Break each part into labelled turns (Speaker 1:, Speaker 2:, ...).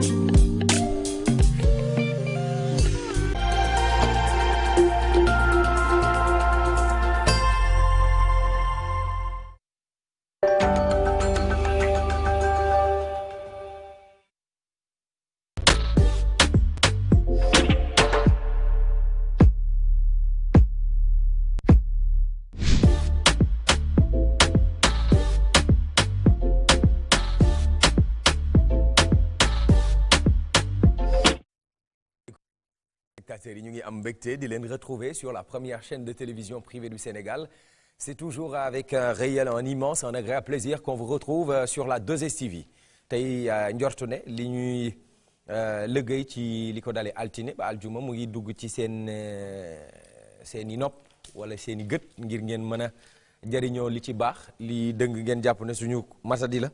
Speaker 1: Thank you. auditeurs ñu ngi am mbégte di leen retrouver sur la première chaîne de télévision privée du Sénégal c'est toujours avec un réel un immense un agréable plaisir qu'on vous retrouve euh, sur la 2STV tey euh, njortu ne li ñuy euh, liggéey ci li ko dalee altine ba aljuma mu ngi dugg ci seen seen i nopp wala seen i gët ngir ngeen mën a jëriñoo li ci baax li dëng ngeen jàpp ne suñu masadi la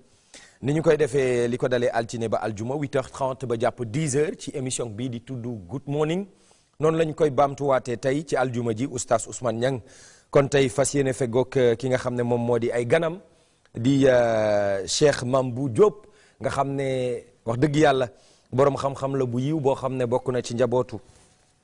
Speaker 1: ni ñu koy defee li ko dalee altine ba aljuma 8 ba jàpp 10 ci émission bii di tudd Good Morning noonu lañ koy baamtuwaatee tey ci aljuma ji oustaz Ousmane Niang kon tey fas yéene fegoog euh, ki nga xam ne moom moo di ay ganam di euh, Cheikh Mambou Diop nga xam ne wax dëgg yàlla borom xam-xam la bu yiw boo xam ne bokk na ci njabootu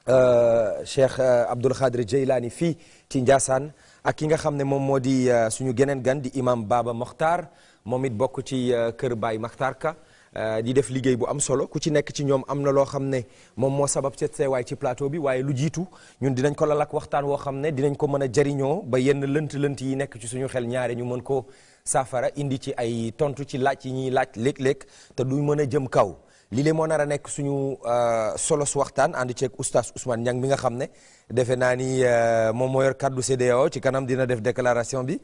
Speaker 1: euh, Cheikh Abdoul Khadri Jeylaani fii ci Njaasaan ak ki nga xam ne moom moo di suñu geneen gan di imam Baba Mokhtar moom it bokk ci kër baay Mokhtar Ka. Euh, di def liggéey bu am solo ku ci nekk ci ñoom am na loo xam ne moom moo sabab seet seewaay ci plateau bi waaye lu jiitu ñun dinañ ko lalak waxtaan woo xam ne dinañ ko mën a jariñoo ba yenn lënt-lënt yi nekk ci suñu xel ñaare ñu mën ko saafara indi ci ay tontu ci laaj yi ñuy laaj léeg-léeg te du mën a jëm kaw lii lee moo nar a nekk suñu euh, solo su waxtaan ànd ceeg oustaz Ousmane Niang bi nga xam ne defe naa ni euh, moom moo yor kaddu CEDEAO ci kanam dina def déclaration bi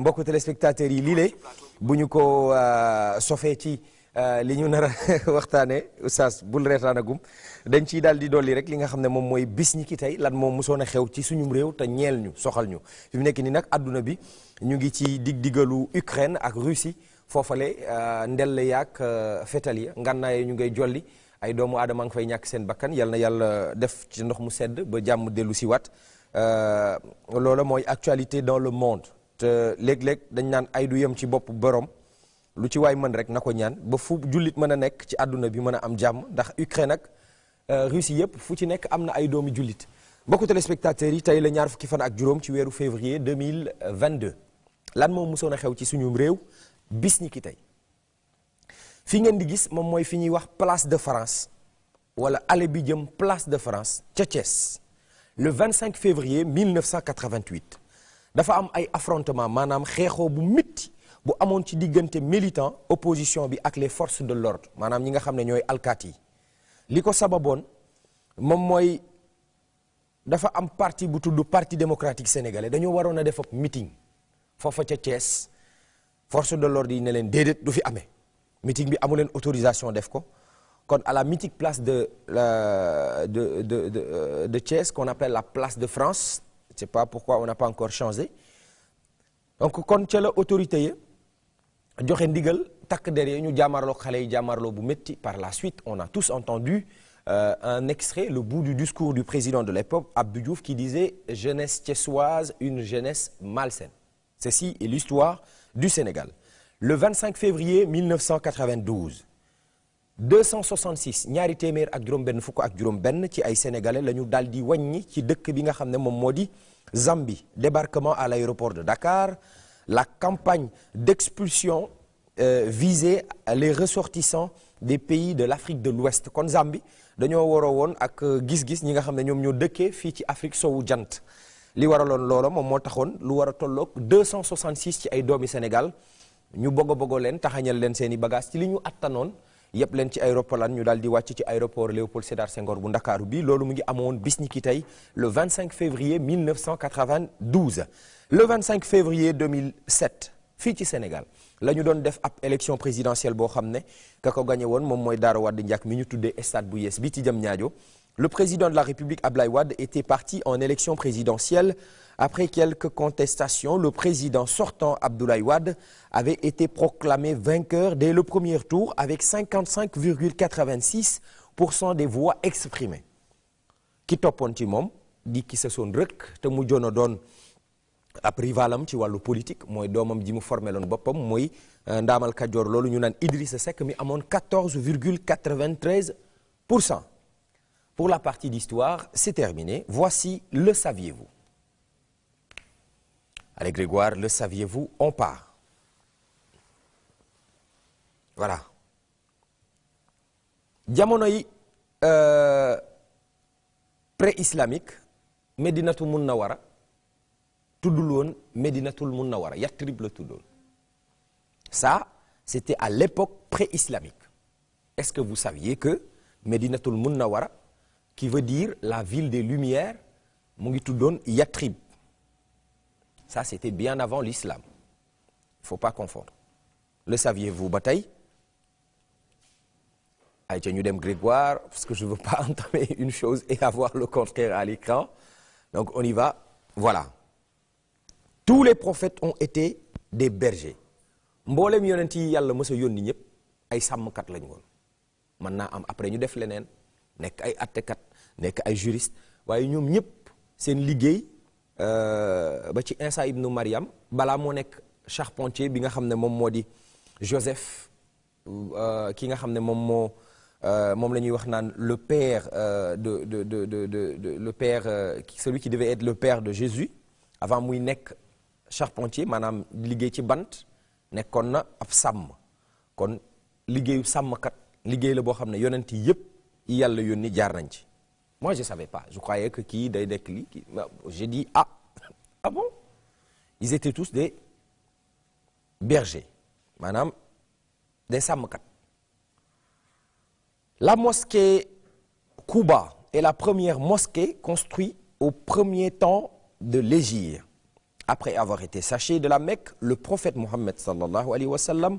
Speaker 1: mbokku téléspectateurs yi lii bu ñu ko sofee ci Euh, li ñu nar waxtaanee oustaz bul reetaanagum dañ ciy daal di dolli rek li nga xam ne moom mooy bis ñi ki tey lan moom mosoon a xew ci suñu réew te ñeel ñu soxal ñu fi mu nekk nii nag àdduna bi ñu ngi ci dig digalu Ukraine ak Russie foofale euh, ndell yaak euh, fetal ya ngànnaay ñu ngay jolli ay doomu aadama nga fay ñàkk seen bakkan yàlla yàlla def ci ndox mu sedd ba jàmm dellu si waat loola mooy actualité dans le monde te léeg-léeg dañ naan aydu yem ci bopp borom lu ci waay mën rek na ko ñaan ba fu jullit mën a nekk ci àdduna bi mën a am jàmm ndax Ukraine ak euh, Russie yëpp fu ci nekk am na ay doomi jullit mbokku téléspectateurs yi tey la ñaar fukki fan ak juróom ci weeru février 2022 lan moom mosoon a xew ci suñu réew bis ñi ki tey fi ngeen di gis moom mooy fi ñuy wax place de France wala allée bi jëm place de France ca Thiès le 25 février 1988 dafa am ay affrontement maanaam xeexoo bu métti bu amoon ci diggante militant opposition bi ak les forces de l'ordre maanaam ñi nga xam ne ñooy alkaat li ko sababoon moom mooy dafa am parti bu tudd parti démocratique sénégalais dañoo waroon a defoog ab meeting foofa ca Thiès force de l'ordre yi ne leen déedéet du fi amee meeting bi amu leen autorisation def ko kon à la mythique place de la de de de euh, de Thiès qu'on appelle la place de France c'est pas pourquoi on n'a pas encore changé donc kon ca autorité ya joxe ndigal takk der yi ñu jàmmarloog xale yi jàmmarloo bu métti par la suite on a tous entendu euh, un extrait le bout du discours du président de l'époque Abdou Diouf qui disait jeunesse thiessoise une jeunesse malsaine ceci est l'histoire du Sénégal le 25 février 1992 266 ñaari téeméer ak juróom-benn fukk ak juróom-benn ci ay sénégalais la ñu daal di waññi ci dëkk bi nga xam ne moom moo di Zambie débarquement à l'aéroport de Dakar la campagne d'expulsion euh, visait les ressortissants des pays de l'Afrique de l'Ouest kon Zambie dañoo waroo woon ak euh, gis-gis ñi nga xam ne ñoom ñoo dëkkee fii ci Afrique sowu jant li waraloon loola moom moo taxoon lu war a tolloog 266 ci ay doomi Sénégal ñu bëgg a bëggoo leen taxañal leen seen i bagages ci li ñu attanoon yëpp leen ci aéroplan ñu daal di wàcc ci aéroport Léopold Sédar Senghor bu Ndakaaru bi loolu mu ngi amoon bis ni ki tey le 25 février 1992 le 25 février 2007 fii ci Sénégal la ñu doon def ab élection présidentielle boo xam ne ka ko moom mooy Daara Wade Ndiak mi ñu tuddee stade bu yees bi ci Diamniadio le président de la République Ablaye Wade était parti en élection présidentielle après quelques contestations le président sortant Abdoulaye Wade avait été proclamé vainqueur dès le premier tour avec 55,86 pour cent des voix exprimées ki toppoon ci moom di ki sa te mu jono doon. ab rivalam ci wàllu politique mooy doomam ji mu formé loon boppam mooy euh, ndaamal Kajoor loolu ñu naan Idrissa Seck mi amoon 14 virgule 93 pour cent pour la partie d'histoire c'est terminé voici le saviez-vous Allez Grégoire le saviez-vous on part voilà jamono yi euh, pré-islamique Medinatu Munawara tuddul woon Médinatul Munawara Yatrib la tuddoon ça c'était à l'époque pré-islamique est-ce que vous saviez que Médinatul Munawara qui veut dire la ville des lumières mu ngi tuddoon Yatrib ça c'était bien avant l'islam il faut pas confondre le saviez-vous ba tey ay ca ñu dem Grégoire parce que je veux pas entamer une chose et avoir le contraire à l'écran donc on y va voilà tous les prophètes ont été des bergers mboolem yonent yi yàlla mës yoon yónni ñëpp ay sàmmkat lañu woon mën naa am après ñu def leneen nekk ay attekat nekk ay juriste waaye ñoom ñëpp seen liggéey euh, ba ci Insa ibnu Mariam balaa moo nekk charpentier bi nga xam ne moom moo di Joseph euh, ki nga xam ne moom moo euh, moom la ñuy wax naan le père de de de de de le père celui qui devait être le père de Jésus avant muy nekk. charpentier maanaam liggéey ci bant nekkoon na ab sàmm kon liggéeyu sàmmkat liggéey la boo xam ne yonent yi yëpp yi yàlla yónni jaar nañ ci moi je savais pas je croyais que kii day dekk lii kii j'ai dit ah ah bon ils étaient tous des bergers maanaam des sàmmkat la mosquée Kouba est la première mosquée construite au premier temps de l'Hégire Après avoir été saché de la Mecque, le prophète Mohammed sallallahu alayhi wa sallam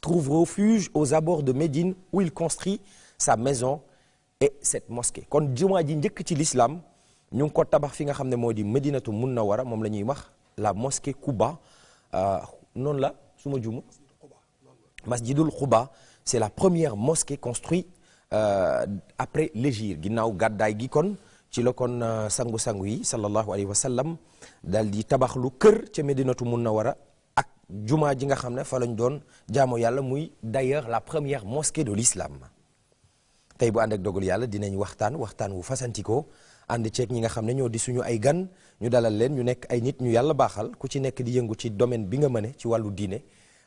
Speaker 1: trouve refuge aux abords de Médine où il construit sa maison et cette mosquée kon jumaa ji njëkk ci l'islam ñu ngi ko tabax fi nga xam ne moo di Medinatu Munawara moom la ñuy wax la mosquée Quba euh, noonu la su ma juma Masjidul Quba c'est la première mosquée construite euh, après l'hégire ginnaaw gàddaay gi kon ci la kon euh, sangu-sangu yi sallallahu alayhi wa sallam daal di tabax lu kër ca Medinatu Munawara ak jumaa ji nga xam ne fa lañ doon jaamu yàlla muy d'ailleurs la première mosquée de l'islam tey bu ànd ak dogal yàlla dinañ waxtaan waxtaan wu fasantikoo ànd ñi nga ne ñoo di suñu ay gan ñu dalal leen ñu nekk ay nit ñu yàlla baaxal ku ci nekk di yëngu ci domaine bi nga mëne ci wàllu diine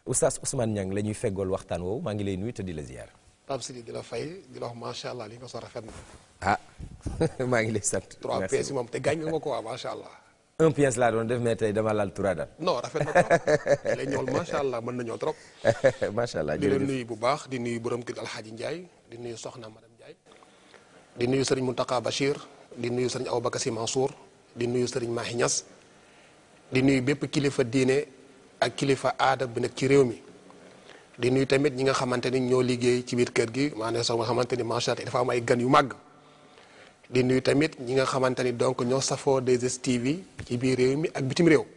Speaker 1: oustaz Ousmane Niang la ñuy feggool waxtaan woowu maa ngi lay nuyu te di la ziar.
Speaker 2: Pape Sidi di la fay
Speaker 1: ah maa ngi lay sant. trois pièces moom
Speaker 2: te gaañ nga ko waa macha allah.
Speaker 1: un pièce laa doon def mais tey dama laal tura daal.
Speaker 2: non rafet na trop mën nañoo trop. macha allah jërëjëf bu baax di nuyu borom kër Alxaaji Ndiaye di nuyu Soxna madame Ndiaye. di nuyu sëriñ Mountakha Bachir di nuyu sëriñ Aboubacar Sy Mansour di nuyu sëriñ Mahi Niass di nuyu bépp kilifa diine ak kilifa aada bi nekk ci réew mi. di nuyu tamit ñi nga xamante ni ñoo liggéey ci biir kër gi maanaam sax nga xamante ni macha allah dafa am ay gan yu màgg. di nuyu tamit ñi nga xamante ni donc ñoo safoo 2STV ci biir réew mi ak bitim réew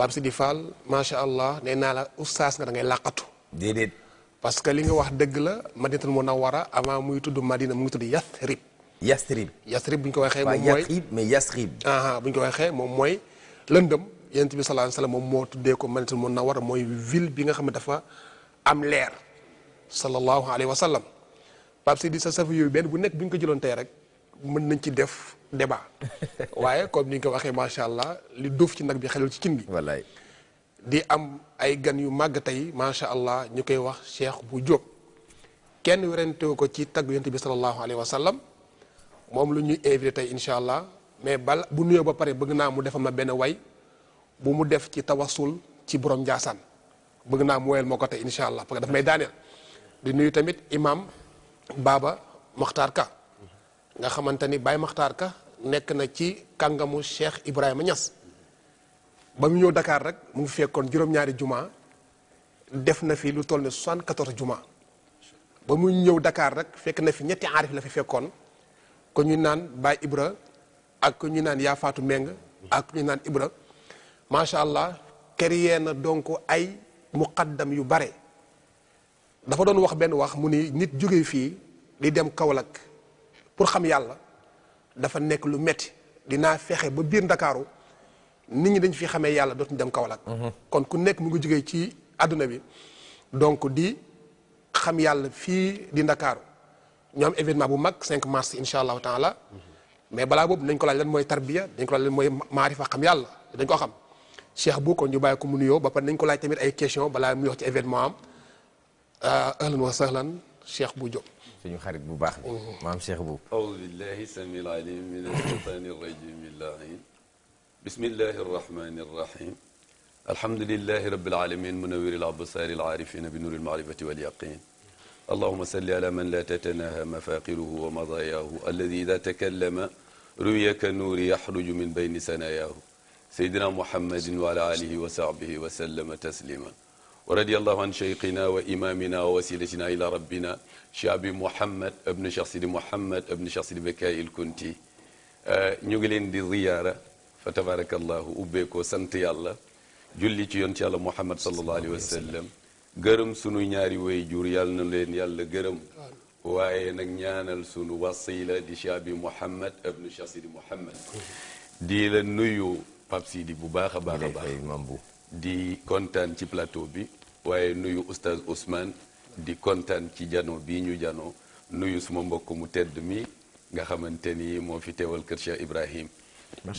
Speaker 2: Pape Sidi Fall macha allah nee naa la oustaz nga da ngay làqatu. déedéet. parce que li nga wax dëgg la Madinatul Munawwara avant muy tudd Madina mu ngi tudd Yathrib. Yathrib Yathrib bu ñu ko waxee. moom mooy waaw ah, bu ñu ko waxee moom mooy lëndëm yonent bi sallallahu alayhi moom moo tuddee ko Madinatul Munawwara mooy ville bi nga xam ne dafa am leer. sallallahu alayhi wa sallam Pape Sidi sa safu yooyu benn bu nekk bu ñu ko jëloon tey rek. mën nañ ci def débat waaye comme ni nga ko waxee macha allah li duuf ci nag bi xelul ci cin bi. di am ay gan yu màgg tey macha allah ñu koy wax Cheikh bu Diop. kenn werentewu ko ci tagg yonent bi sallallahu alayhi wa sallam moom lu ñuy invité tey incha allah mais bal bu nuyoo ba pare bëgg naa mu defal ma benn way bu mu def ci tawasul ci borom Ndiassane bëgg naa mu woyal ma ko tey incha allah parce que daf may daaneel di nuyu tamit imam Baba Mokhtar Ka. nga xamante ni Baye Makhtar Ka nekk na ci kàngamu Cheikh Ibrahima ñas ba mu ñëw dakaar rek mu ngi fekkoon juróom-ñaari juma def na fi lu toll ne 74 juma ba mu ñëw dakaar rek fekk na fi ñetti aarif la fi fekkoon ko ñu naan Baye Ibra ak ko ñu naan yaafaatu Meng ak ko ñu naan Ibra macha allah créé na donc ay muqaddam yu bare dafa doon wax benn wax mu ni nit jóge fii di dem Kaolack. pour xam yàlla dafa nekk lu metti dinaa fexe ba biir ndakaaru nit ñi dañ fi xamee yàlla dootuñu dem Kaolack mhm. kon ku nekk mu ngi jógee ci àdduna bi donc di xam yàlla fii di ndakaaru ñoom am événement bu mag 5 mars insha allahu taala mhm. mais balaa boob nañ ko laaj lan mooy tarbiya dañ ko laaj lan mooy maarifa xam yàlla dañ ko xam cheikh bu kon ñu bàyyi ko mu nuyoo ba pare nañ ko laaj tamit ay question balaa muy wax ci événement am euh, ahlan wa sahlan bu Diop suñu xarit bu baax bi maam Cheikh Bou
Speaker 3: aoudu billahi sami alalim min alcheytani arrajim illahin bismillahi arrahmani arrahim alhamdulillahi rabbil alamin munawwir alabsar alarifin bi nur almarifati walyaqin اللهم صل على من لا تتناهى مفاقره ومضاياه الذي إذا تكلم روي كالنور يخرج من بين ثناياه سيدنا محمد وعلى آله وصحبه وسلم تسليما ورضي الله عن شيخنا وإمامنا ووسيلتنا إلى ربنا شعبي محمد ابن Cheikh Sidi Mouhamed ibn Cheikh Sidi Bekaay il Kunti eh, ñu ngi leen di ziyaara fa tabarakallahu ubbeekoo sant yàlla julli ci yoon ci yàlla Mouhamed sallallahu alayhi wa sallam gërëm sunu ñaari way jur yàlla na leen yàlla gërëm waaye nag ñaanal sunu wasila di Cheikh bi Mouhamed ibn Cheikh Sidi Mouhamed di la nuyu Pape Sidi bu baax a baax a baax di kontaan ci plateau bi waaye nuyu oustaz Ousmane di kontaan ci jano bi ñu jano nuyu suma mbokk mu tedd mi nga xamante ni moo fi teewal kër Cheikh Ibrahim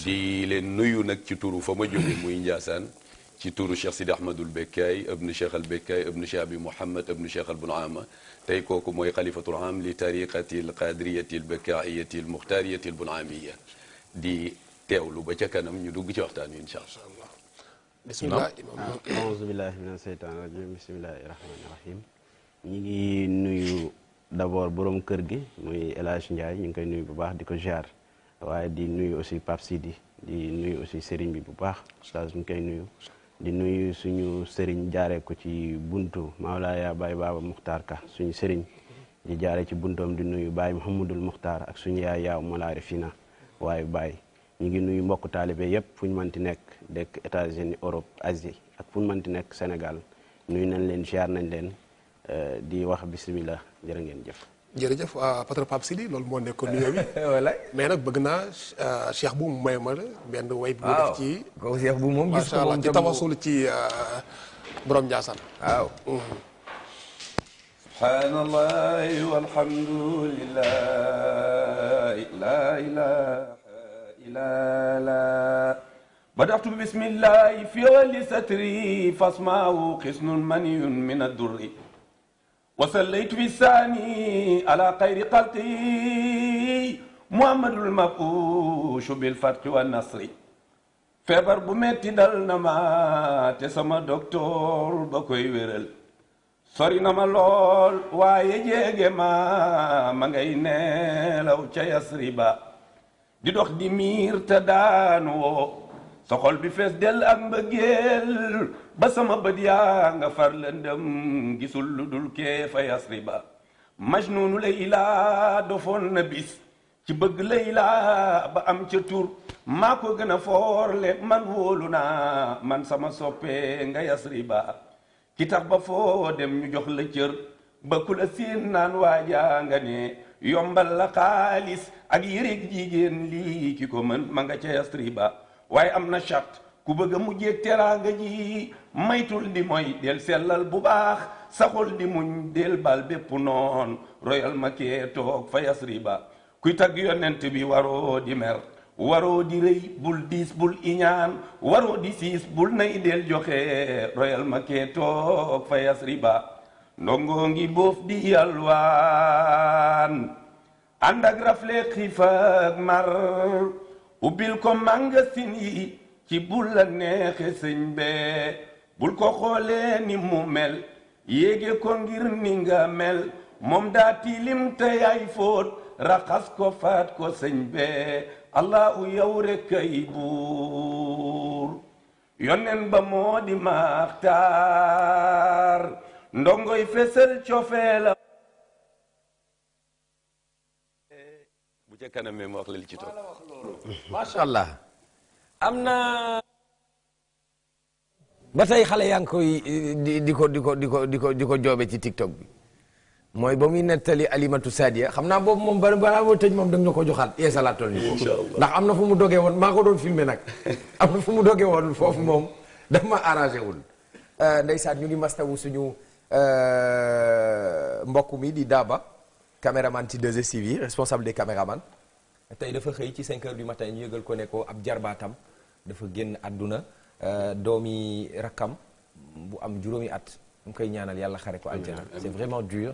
Speaker 3: di leen nuyu nag ci turu fa ma jóge muy Njaasaan ci turu Cheikh Sidi Ahmadul Bekkaay ibnu Cheikh al Bekkaay ibnu Cheikh Abi Mouhammad ibnu Cheikh al Bunaama tey kooku mooy xalifatul am li tariqati l qadriyati l bekkaayati l muxtaariyati l bunaamiya di teewlu ba ca kanam ñu dugg ci waxtaan wi incha allah bisimilah
Speaker 4: aousubillahi ah, mina seytaan rajim ñi ngi nuyu d'abord borom kër gi muy El Hadj Ndiaye ñu ngi koy nuyu bu baax di ko ziar waaye di nuyu aussi Pape Sidi di nuyu aussi sëriñ bi bu baax saa ñu koy nuyu di nuyu suñu sëriñ jaaree ko ci buntu Mawlaaya Baye Baba Muxtaar Ka suñu sëriñ di jaare ci buntoom di nuyu mu Mouhamadul Muxtaar ak suñu yaay yaaw Molaari Fina waaye Baye ñu ngi nuyu mbokk taalibe yëpp fu ñu mënti nekk dekk États-Unis Europe Asie ak fu ñu mënti nekk Sénégal nuyu nañ leen ziar nañ leen euh, di wax bisimilah jërë ngeen
Speaker 2: jëf. jërëjëf Patre Pape loolu moo nekkoon nuyoo mais na bëgg naa euh, Cheikh bu may ma la benn way bu def ci waaw bu moom gis ko moom ci tawasul ci euh, waaw. subhanallah walhamdulillah la ilaha
Speaker 3: إلالا بدأت بسم الله في غل ستري فاسمعه قسن مني من الدر وصليت في الثاني على خير قلقي محمد المبؤوش بالفتح والنصر feebar bu metti dal na ma te sama doktoor ba koy wéral sori na ma lool waaye jéege ma ma ngay neelaw ca yasri di dox di te daanoo soxol bi fees dell ak mbëggeel ba sama bët yaa nga far lëndëm gisul lu dul kee fa yasri ba majnuunu laylaa dofoon na bis ci bëgg laylaa ba am ca tur maa ko gën a foorle man wóolu naa man sama
Speaker 5: soppee
Speaker 3: nga yasri ba ki tax ba foo dem ñu jox la cër ba siin naan waajaa nga ne yombal la xaalis ak yëreeg jigéen lii ki ko mën ma nga ca ba waaye am na charte ku bëgg a mujjeeg teraanga ji maytul di mooy del sellal bu baax saxul di muñ del bal bépp noon royal ma toog fa yasriba kuy tagg yonent bi waroo di mer waroo di rëy bul diis bul iñaan waroo di siis bul nay del joxe royal ma toog fa yasriba ndongo ngi boof di yalwaan ànd ak rafle xiif mar ubbil ko magasin yi ci bul la neexe sëñ bee bul ko xoolee ni mu mel yéege ko ngir ni nga mel moom daa tilim te yaay fóot raxas ko faat ko sëñ bee allahu yow rekk ay buur yonen ba moo di maxtaar ndongoy fesal cofeela bu ca kanam ma wax la li ci toog macha
Speaker 1: allah am na ba tey xale yaa ngi koy eh, di ko di ko di ko di ko di ko joobe ci tiktok bi mooy ba muy nettali alimatu sadia xam naa boobu moom balaa moo tëj moom da nga ko joxaat yeesalaatoon ñu ko ndax am na fu mu dogee woon maa ko doon filmer nag am na fu mu dogee woon foofu moom daf ma arrangé wul eh, ndeysaan ñu ngi mastawu suñu Euh, mbokk mi di Daba caméraman ci 2STV responsable des caméramans tey dafa xëy ci 5 heures du yëgal ko ne ab jarbaatam dafa génn àdduna euh, doomi rakkam bu am juróomi at mu koy ñaanal yàlla xare ko aljana c'est vraiment euh,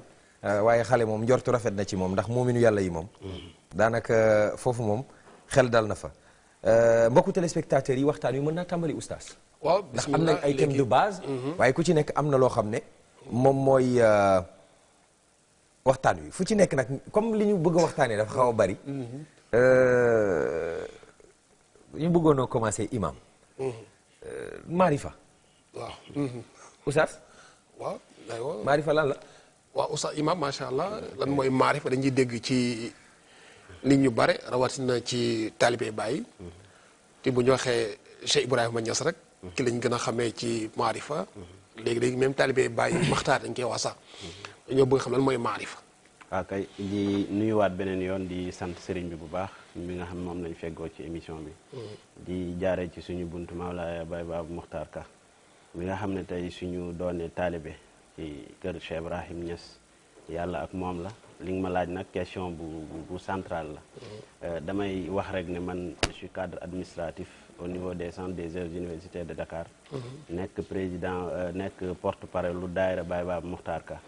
Speaker 1: waaye xale moom njortu rafet na ci moom ndax moo moominu yàlla yi moom mm-hmm. daanaka foofu moom xel dal na fa mbokku téléspectateurs yi waxtaan wi mën naa tàmbali oustaz
Speaker 2: ndax am nañ ay thèmes base mm-hmm. waaye
Speaker 1: ku ci nekk am na loo xam ne moom mooy euh, waxtaan wi fu ci nekk nag comme li ñu bëgg waxtaanee dafa xaw a bari. Mm-hmm. Euh, ñu bëggoonoo commencé imam. Euh, Maarifa.
Speaker 5: waaw.
Speaker 2: Mm-hmm. Oustaz. waaw aywa macha allah lan mooy Maarifa dañuy dégg ci nit ñu bare rawatina ci taalibe Baay. Mm-hmm. te bu ñu waxee Ibrahima Niass rek. ki lañ gën a xamee ci Maarifa. léegi-léegi même talibé bàyyi maxtaar dañ koy wax sax bëgg xam lan mooy maarifa
Speaker 4: waaw ah, kay di nuyuwaat beneen yoon di sant sëriñ bi bu baax mi nga xam moom lañ feggoo ci émission bi mm-hmm. di jaaree ci suñu buntu Mawlaaya Baye Ka mi nga xam ne tey suñu doone taalibe ci kër Cheikh Ibrahim yàlla ak moom la li nga ma laaj nag question bu bu centrale la mm-hmm. euh, damay wax rek ne man je suis cadre administratif au niveau des centres des œuvres universitaires de Dakar nekk président euh, nekk porte pare lu daayira Baye Baab Muxtaar Ka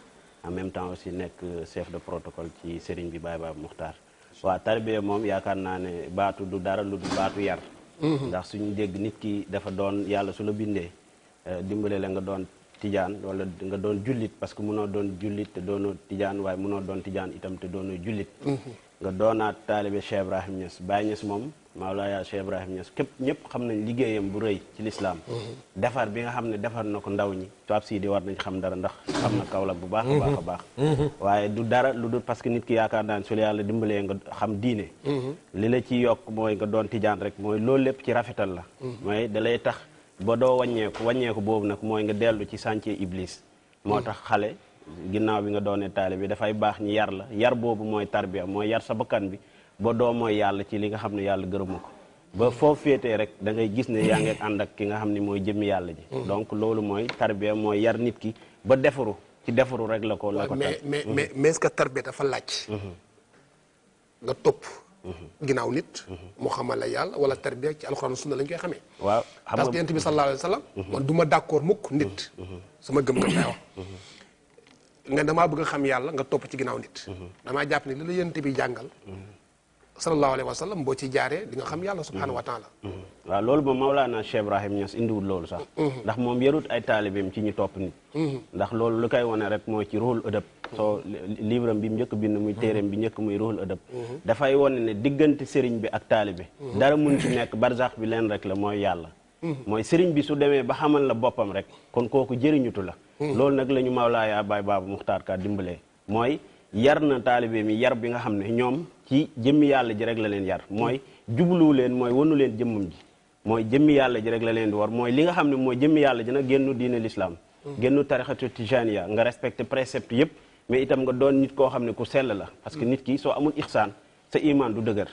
Speaker 4: en même temps aussi nekk chef de protocole ci sëriñ bi Baye Baab Muxtaar waaw tarbiya moom yaakaar naa ne baatu du dara lu dul baatu yar mhm. ndax suñu dégg nit ki dafa doon yàlla su la bindee euh, dimbale la nga doon tijaan wala nga doon jullit parce que noo doon jullit te doonoo tijaan waaye munoo doon tijaan itam te doonoo jullit mhm. nga doonaat taalibe Cheikh Ibrahim Niass Baye Niass moom Mawlaaya Cheikh Ibrahim Niass képp ñëpp xam nañ liggéeyam bu rëy ci lislaam mm-hmm. defar bi nga xam ne defar na ko ndaw ñi tubaab sii di war nañ xam dara ndax xam na Kaolack bu baax a baax mm-hmm. baax mm-hmm. waaye du dara lu du parce que nit ki yaakaar naa ne su la yàlla dimbalee nga xam diine li la ci yokk mooy nga doon tijaan rek mooy loolu lépp ci rafetal la mooy dalay tax ba doo wàññeeku wàññeeku boobu nag mooy nga dellu ci chantier iblis moo tax xale ginnaaw bi nga doonee taalibe bi dafay baax ñi yar la yar boobu mooy tarbiya mooy yar sa bakkan bi ba doo mooy yàlla ci li nga xam ne yàlla gërëm ko ba foofu féetee rek da ngay gis ne yaa ngi ànd ak ki nga xam ni mooy jëmm yàlla ji mm. donc loolu mooy tarbiya mooy yar nit ki ba defaru ci defaru rek la ko la ko mais mais mm-hmm.
Speaker 2: mais ce que tarbiya dafa laaj mm-hmm. nga topp mm-hmm. ginnaaw nit mu xamal la yàlla wala tarbiya ci alxuraan sunna lañ koy xamee waaw xam nga parce que yonent bi sallallahu alayhi wa sallam man du ma d'accord mukk nit sama gëm-gëm lay wax nga damaa bëgg xam yàlla nga topp ci ginnaaw nit damaa jàpp jàngal sallallahu alayhi wa sallam boo ci jaaree di nga xam yàlla subhanahu
Speaker 4: wa mm-hmm. taala mm-hmm. waaw loolu moom Mawlana Cheikh Ibrahim Niass indiwul loolu sax mm-hmm. ndax moom yarut ay taalibeem ci ñu topp nit ndax loolu lu koy wane rek moo ci ruhul ëdëb soo bi mu bind muy téeréem bi njëkk muy ruhul ëdëb dafay wane ne diggante sëriñ bi ak taalibe dara mun ci nekk barzax bi leen rek la mooy yàlla mooy sëriñ bi su demee ba xamal la boppam rek kon kooku jëriñutu la loolu nag la ñu Mawlaaya Baay Baabu Muxtaar Ka dimbalee mooy yar na taalibe mi yar bi nga xam ne ñoom ci jëmmi yàlla ji rek la leen yar mooy jubluwu leen mooy wanu leen jëmmam ji mooy jëmmi yàlla ji rek la leen di war mooy li nga xam ne mooy jëmmi yàlla ji nag génnu diine l'islam mm-hmm. génnu tarixatu tijaniya nga respecté précepte yëpp mais itam nga doon nit koo xam ne ku sell la parce que mm-hmm. nit ki soo amul ixsaan sa iman du dëgër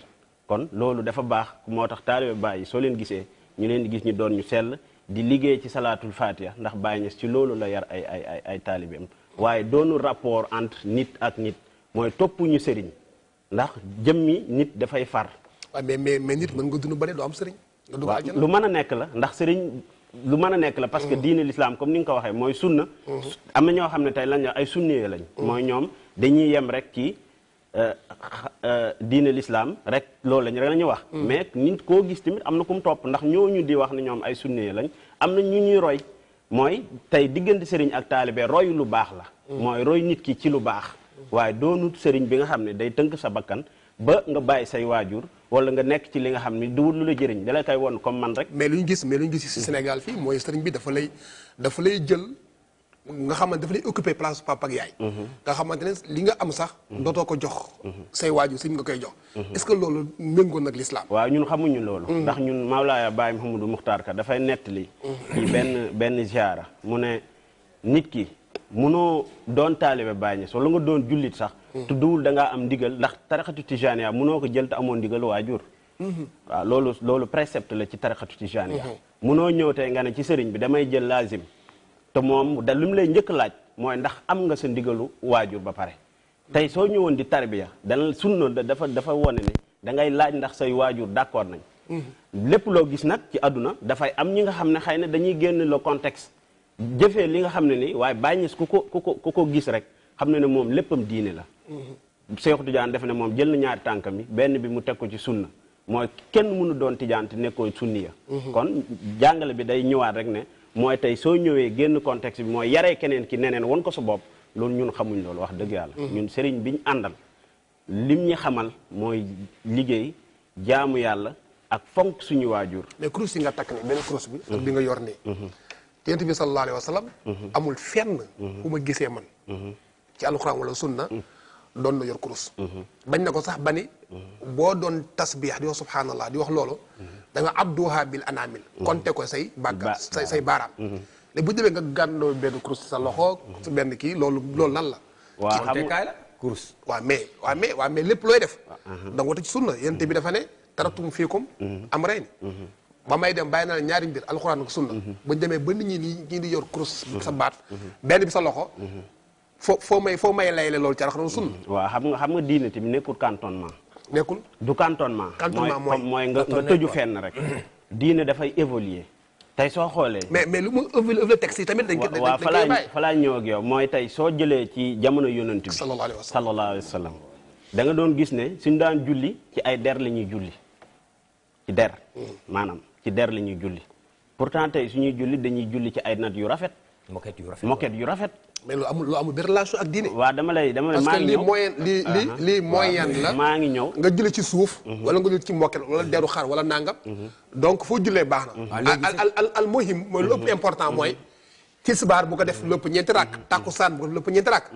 Speaker 4: kon loolu dafa baax moo tax taalibe bàyyi soo leen gisee ñu leen di gis ñu doon ñu sell di liggéey ci salaatul fatiha ndax bàyyi ñ ci loolu la yar ay ay ay ay waaye doonu rapport entre nit ak nit mooy topp ñu sëriñ ndax jëmmi nit dafay far. waaw mais mais mais nit mën nga dund bëri doo am sëriñ. lu mën a nekk la ndax sëriñ lu mën a nekk la. parce que mm. diine l'islam comme ni nga ko waxee mooy sunna. Mm-hmm. am na ñoo xam ne tey lañ ay sunniye lañ. Mm-hmm. mooy ñoom dañuy yem rek ci euh, euh, diine lislaam rek loolu lañ rek la ñu wax. Mm. mais nit koo gis tamit am na ku mu topp ndax ñooñu di wax ne ñoom ay sunniye lañ am na ñu ñuy roy. mooy tey diggante sëriñ ak taalibe roy lu baax la. Mm. mooy roy nit ki ci lu baax. waaye doonut sëriñ bi nga xam ne day tënk sa bakkan ba nga bàyyi say waajur wala nga nekk ci li nga xam ne du lu la
Speaker 2: jëriñ da la koy won comme man rek mais lu ñu gis mais lu ñu gis si Sénégal fii mooy sëriñ bi dafa lay dafa lay jël nga xamante dafa lay occupé place papa ak yaay mhm. nga xamante ne li nga am sax mhm. dootoo ko jox mhm. say waajur sëriñ nga koy jox est-ce que loolu méngoon nag l'islam waaw ñun xamuñu loolu
Speaker 4: ndax ñun Mawlaaya Baay Mouhamadou Muxtaar Ka dafay nettali ci benn benn ziara mu ne nit ki munoo doon taalibe bàyyi ñes wala nga doon jullit sax mm-hmm. tudduwul da ngaa am ndigal ndax taraxatu tijaaniya munoo ko jël te amoon ndigal waajur mm-hmm. waaw loolu loolu précepte la ci taraxatu tijaaniya mm-hmm. munoo ñëw tey nga ne ci sëriñ bi damay jël laazim te moom da lu mu lay njëkk laaj mooy ndax am nga sa ndigalu waajur ba pare tey soo ñëwoon di tarbiya dana sunna dafa dafa wane ne da ngay laaj ndax say waajur d'accord nañ lépp loo gis nag ci àdduna dafay am ñi nga xam ne xëy na dañuy génn le contexte jëfee li nga xam ne ni waaye Baay Ñas ku ko ku ko ku ko gis rek xam ne ne moom léppam diine la Seexu Tijaan def ne moom jël na ñaari tànkam yi benn bi mu teg ko ci sun na mooy kenn mënu doon tijaan te nekkoo sunni ya mm-hmm. kon jàngale bi day ñëwaat rek ne mooy tey soo ñëwee génn context bi mooy yare keneen ki neneen wan ko sa bopp loolu ñun xamuñ loolu wax dëgg yàlla mm-hmm. ñun sëriñ biñ àndal lim ñi xamal mooy liggéey jaamu yàlla ak fonk suñu waajur
Speaker 2: mais kurus yi nga takk yonent bi sallallahu alayhi wa sallam mhm. amul fenn bu mhm. ma gisee man mhm. ci alxuraan wala sunna doon na yor kurus bañ na ko sax ba ni boo doon tasbiix di wax subhaanallah di wax loolu da nga abduha bil anamil konte ko say bàgga say say baaraam léegi bu demee nga gàndoo benn kurus sa loxo su benn kii loolu loolu lan la konte kaay la kurus waa mais waa mais waaw mais lépp looy def da nga wata ci sunna yonent bi dafa ne taratum fiikum amrayni ba may dem bàyyi naa ñaari mbir alxuraan ak mhm. ba buñ demee ba nit ñi nii ñii di yor kurus mhm. sa baat mhm. benn bi sa loxo foo foo may foo may layle loolu ci alxuraan ak sunna waaw xam
Speaker 4: nga xam nga diine tamit nekkul cantonnement nekkul du cantonnement cantonnement mooy mooy nga nga tëju fenn rek diine dafay évoluer tey soo xoolee. mais mais lu mu ëpp la texte yi tamit dañ koy waaw fa laay fa yow mooy tey soo jëlee ci jamono yonent bi. sallallahu alayhi wa sallam da nga doon gis ne suñ daan julli ci ay der la ñuy julli ci der mm. maanaam. ci der la ñuy julli pourtant tey suñuy julli dañuy julli ci ay nat yu rafet.
Speaker 2: moquette yu rafet moquette yu rafet. mais lu amul lu amul benn relation ak diine. waaw dama lay dama maa ngi ñëw parce que maa ngi ñëw nga julli ci suuf. Mhm. wala nga julli ci moquette wala deru xar wala nangam. Mhm. donc foo jullee baax na. Mhm. al al al muhim mooy lu important mooy. tisbaar bu ko def lëpp ñeenti rakk. takkusaan saan ko def lépp ñeenti rakk.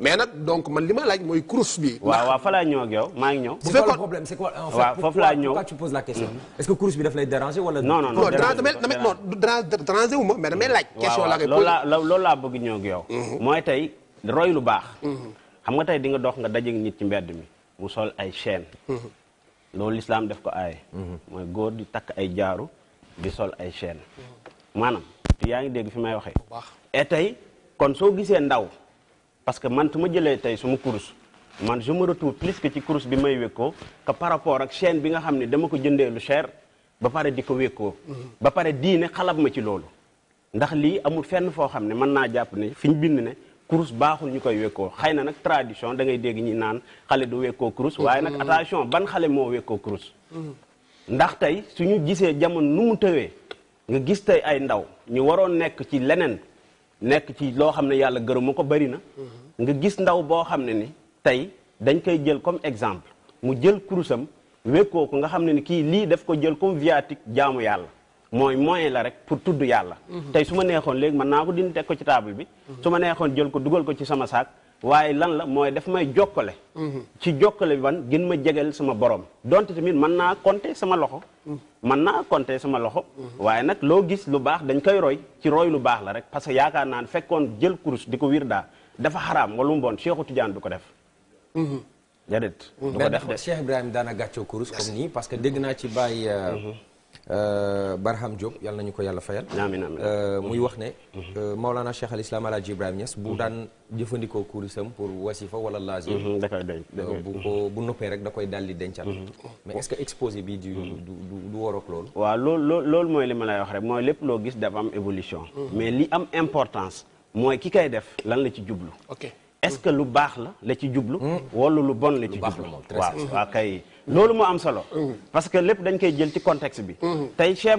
Speaker 2: mais nag donc man li ma laaj mooy course bi. waaw waaw
Speaker 4: fa laa ñëw ak yow maa ngi ñëw. bu fekkoon
Speaker 2: problème c'est quoi waaw foofu laa ñëw pourquoi tu poses la question. bi daf lay wala. non non non déranger wu ma mais damay laaj. question laa koy posé
Speaker 4: waaw loolu laa bëgg ñëw ak yow. Mhm. tey roy lu baax. Mhm. xam nga tey di nga dox nga daje nit ci mbedd mi mu sol ay chaîne. Mhm. loolu lislaam def ko aaye. mooy góor di takk ay jaaru di sol ay chaîne. maanaam yaa ngi dégg fi may waxee. et tey kon soo gisee ndaw. parce que man su ma jëlee tey suma course man je me retrouve plus que ci course bi may wékkoo que par rapport ak chaîne bi nga xam ne dama ko jëndee lu cher ba pare di ko wékkoo mm-hmm. ba pare diine xalab ma ci loolu ndax lii amul fenn foo xam ne mën naa jàpp ne fi ñu bind ne kurus baaxul ñu koy wekkoo xëy na nag tradition da ngay dégg ñi naan xale du wekkoo kurus waaye nag mm-hmm. attention ban xale moo wekkoo kurus mm-hmm. ndax tey suñu gisee jamono nu mu tewee nga gis tey ay ndaw ñu waroon nekk ci leneen nekk ci loo xam ne yàlla gërëmu ko bari na mhm. nga gis ndaw boo xam ne ni tey dañ koy jël comme exemple mu jël kurusam wekkoo ko nga xam ne ni kii lii def ko jël comme viatique jaamu yàlla mooy moyen la rek pour tudd yàlla mhm. tey su ma neexoon léegi mën naa ko dindi teg ko ci table bi mhm. su ma neexoon jël ko dugal ko ci sama saak waaye lan la mooy daf may jokkale mhm. ci jokkale bi ban gën ma jegal sama borom donte tamit mën naa compter sama loxo mhm. mën naa compter sama loxo mhm. waaye nag loo gis lu baax dañ koy roy ci roy lu baax la rek parce que yaakaar naa ne fekkoon jël kurus di ko wir daa dafa xaraam wala mu bon Cheikhu Tidiane du ko def
Speaker 1: déedéet du ko def de Cheikh Ibrahima daana gàccoo kurus comme nii parce que dégg naa ci bàyyi Euh, Barham Diop yàlla na ñu ko yàlla fayal. amiin amiin euh, muy wax ne. Mhm. Euh, Maulana Cheikh al Islam Alaaji Ibrahima Niass bu mhm. daan jëfandikoo kurisam pour wasifa wala laazim. Mhm, da koy denc bu ko bu rek da koy di dencal. mais est que exposé bi du du du waroon
Speaker 4: loolu. waaw loolu loolu mooy li ma lay wax rek mooy lépp loo gis dafa am évolution. mais li am importance mooy ki koy def lan la ci jublu. est-ce que lu baax la la ci jublu hmm. wala lu bon la ci jublu waaw waaw kay loolu moo am solo hmm. parce que lépp dañ koy jël ci contexte bi hmm. tey Cheikh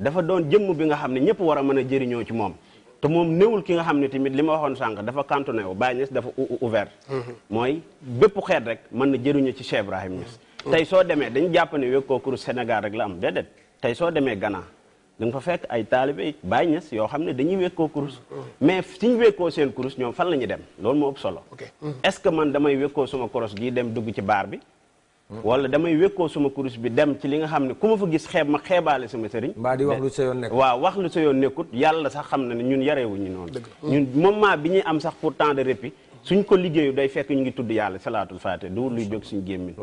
Speaker 4: dafa doon jëmm bi nga xam ne ñëpp war a mën a jëriñoo ci moom te moom néewul ki nga xam ne tamit li ma waxoon sànq dafa cantonné wu Baye Niass dafa ouvert mooy bépp xeet rek mën na jëriñoo ci Cheikh Ibrahim tey soo demee dañ jàpp ne Weko Kuru Sénégal rek la am déedéet tey soo demee Ghana da nga fa fekk ay taalibe Baay Ñas yoo xam ne dañuy wekkoo kurus mais ñu wekkoo seen kurus ñoom fan la ñu dem loolu moo ëpp solo est-ce que man damay wekkoo suma kurus gi dem dugg ci baar bi wala damay wekkoo suma kurus bi dem ci li nga xam ne ku ma fa gis xeeb ma xeebaale sama sëriñ mbaa di wax lu sa yoon nekkut wax lu sa yoon nekkut yàlla sax xam na ne ñun yarewuñu noonu ñun moom moment bi ñuy am sax pour temps de répit suñ ko liggéeyu day fekk ñu ngi tudd yàlla salaatul faate duwut luy jóg suñ gémmiñ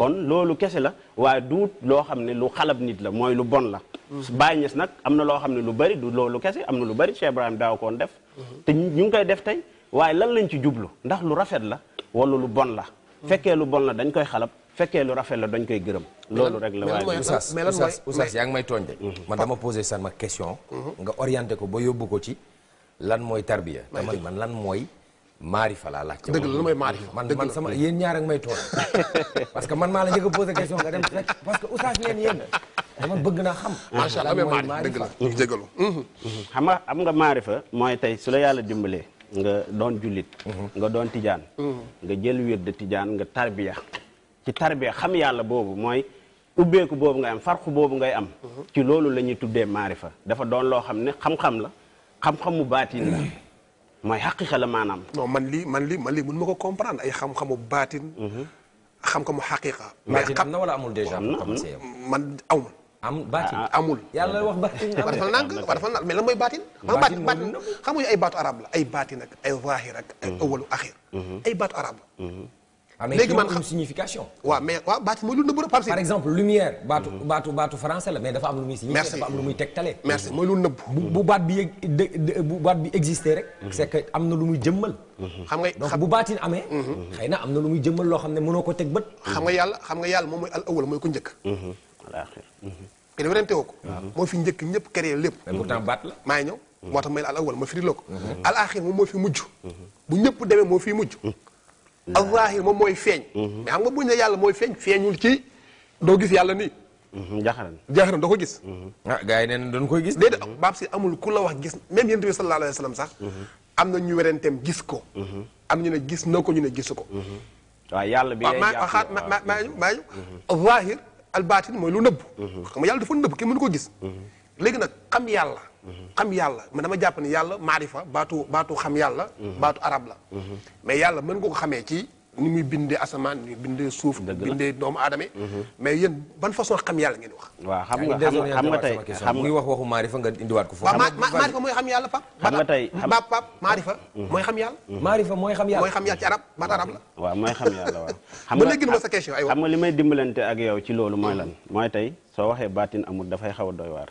Speaker 4: kon loolu kese la waaye duwut loo xam ne lu xalab nit la mooy lu bon la mm-hmm. Baay nag am na loo xam ne lu bari du loolu kese am na lu bari Cheikh Ibrahim daaw koon def mm-hmm. te ñu ngi koy def tey waaye lan lañ ci jublu ndax lu rafet la wala lu bon la mm-hmm. fekkee lu bon la dañ koy xalab fekkee lu rafet la dañ koy gërëm loolu rek la waaye oustaz
Speaker 1: oustaz yaa ngi may tooñ de man dama posé sama question nga orienté ko ba yóbbu ko ci lan mooy tarbiya man lan mooy maarifa laa laajte. dëgg la lu may maarifa man man yéen ñaar ak may tool parce que man maa la njëkk a posé question nga dem rek parce que oustaz neen yéen dama bëgg naa xam. macha allah amee maarifa dëgg la ñu
Speaker 4: jégalu. Mhm. xam nga am nga maarifa mooy tey su la yàlla dimbalee. nga doon jullit. Mhm. nga doon tijaan. Mhm. nga jël wér de tijaan nga tarbiya. ci tarbiya xam yàlla boobu mooy ubbeeku boobu ngay am farxu boobu ngay am. ci loolu la ñuy tuddee maarifa dafa doon loo xam ne xam-xam la xam-xam mu
Speaker 2: baatin la. mooy xaqiqa la maanaam. man lii man lii man lii mën ma ko comprendre ay xam-xamu baatin. Mhm. xam-xamu xaqiqa. mais xam na wala amul déjà. man aw ma. am baatin ah, amul. yàlla wax baatin amul dafa nànk dafa nànk mais lan mooy baatin. baatin ay baatu arab la ay baatin ak ay zaahir ak. ay mhm.
Speaker 5: a axir. Mhm. ay baatu arab
Speaker 2: léegi man xam signification. waaw mais waaw baatu mooy lu nëbb la par exemple lumière. baatu mm-hmm. baatu
Speaker 1: baatu français la mais bu baat bi yëg rek. Mm-hmm. c'est am na lu muy jëmmal.
Speaker 5: Mm-hmm. xam nga donc bu
Speaker 1: baatin amee. xëy na am na lu
Speaker 2: muy jëmmal loo xam ne mënoo ko teg bët. xam nga yàlla xam nga yàlla moom mooy al awal mooy ko njëkk. alaaxir. kenn fi njëkk ñëpp créé lépp. mais baat la maa ngi ñëw. moo la al awal ma ko. alaaxir moom moo fi mujj. bu ñëpp demee moo fi mujj al-zahir moom mooy feeñ. Mhm. mais xam nga buñ ne yàlla mooy feeñ feeñul ci doo gis yàlla nii. Mhm, jaxaran jaxaran doo ko gis. Mhm. ah gars yi neen doon koy gis. déedéet ba si amul ku la wax gis même yonent bi sallallahu alayhi sax. am na ñu werenteem gis ko. am ñu ne gis na ko ñu ne gisu ko. waaw yàlla bi lay jàpp waaw maa maa maa maa zahir al baatin mooy lu nëbb. xam nga yàlla dafa nëbb kenn mënu ko gis. léegi nag xam yàlla xam yàlla man dama jàpp ne yàlla maarifa baatu baatu xam yàlla baatu arab la mais yàlla mën nga ko xamee ci ni muy bindee asamaan ni muy bindee suuf bindee doomu aadama mhm. mais yéen ban façon xam yàlla ngeen wax waaw xam nga xam nga tey xam nga wax waxu maarifa nga indiwaat ko foofu maarifa mooy xam yàlla pap xam nga tey pap pap
Speaker 1: maarifa mhm. mooy xam yàlla mhm.
Speaker 2: maarifa mooy xam yàlla mooy xam yàlla ci arab baat
Speaker 1: arab la waaw mooy
Speaker 4: xam yàlla waaw xam nga léegi ma sa question ay wax xam nga li may dimbalante ak yow ci loolu mooy lan mooy tey soo waxee baatin amul dafay xaw a doy waar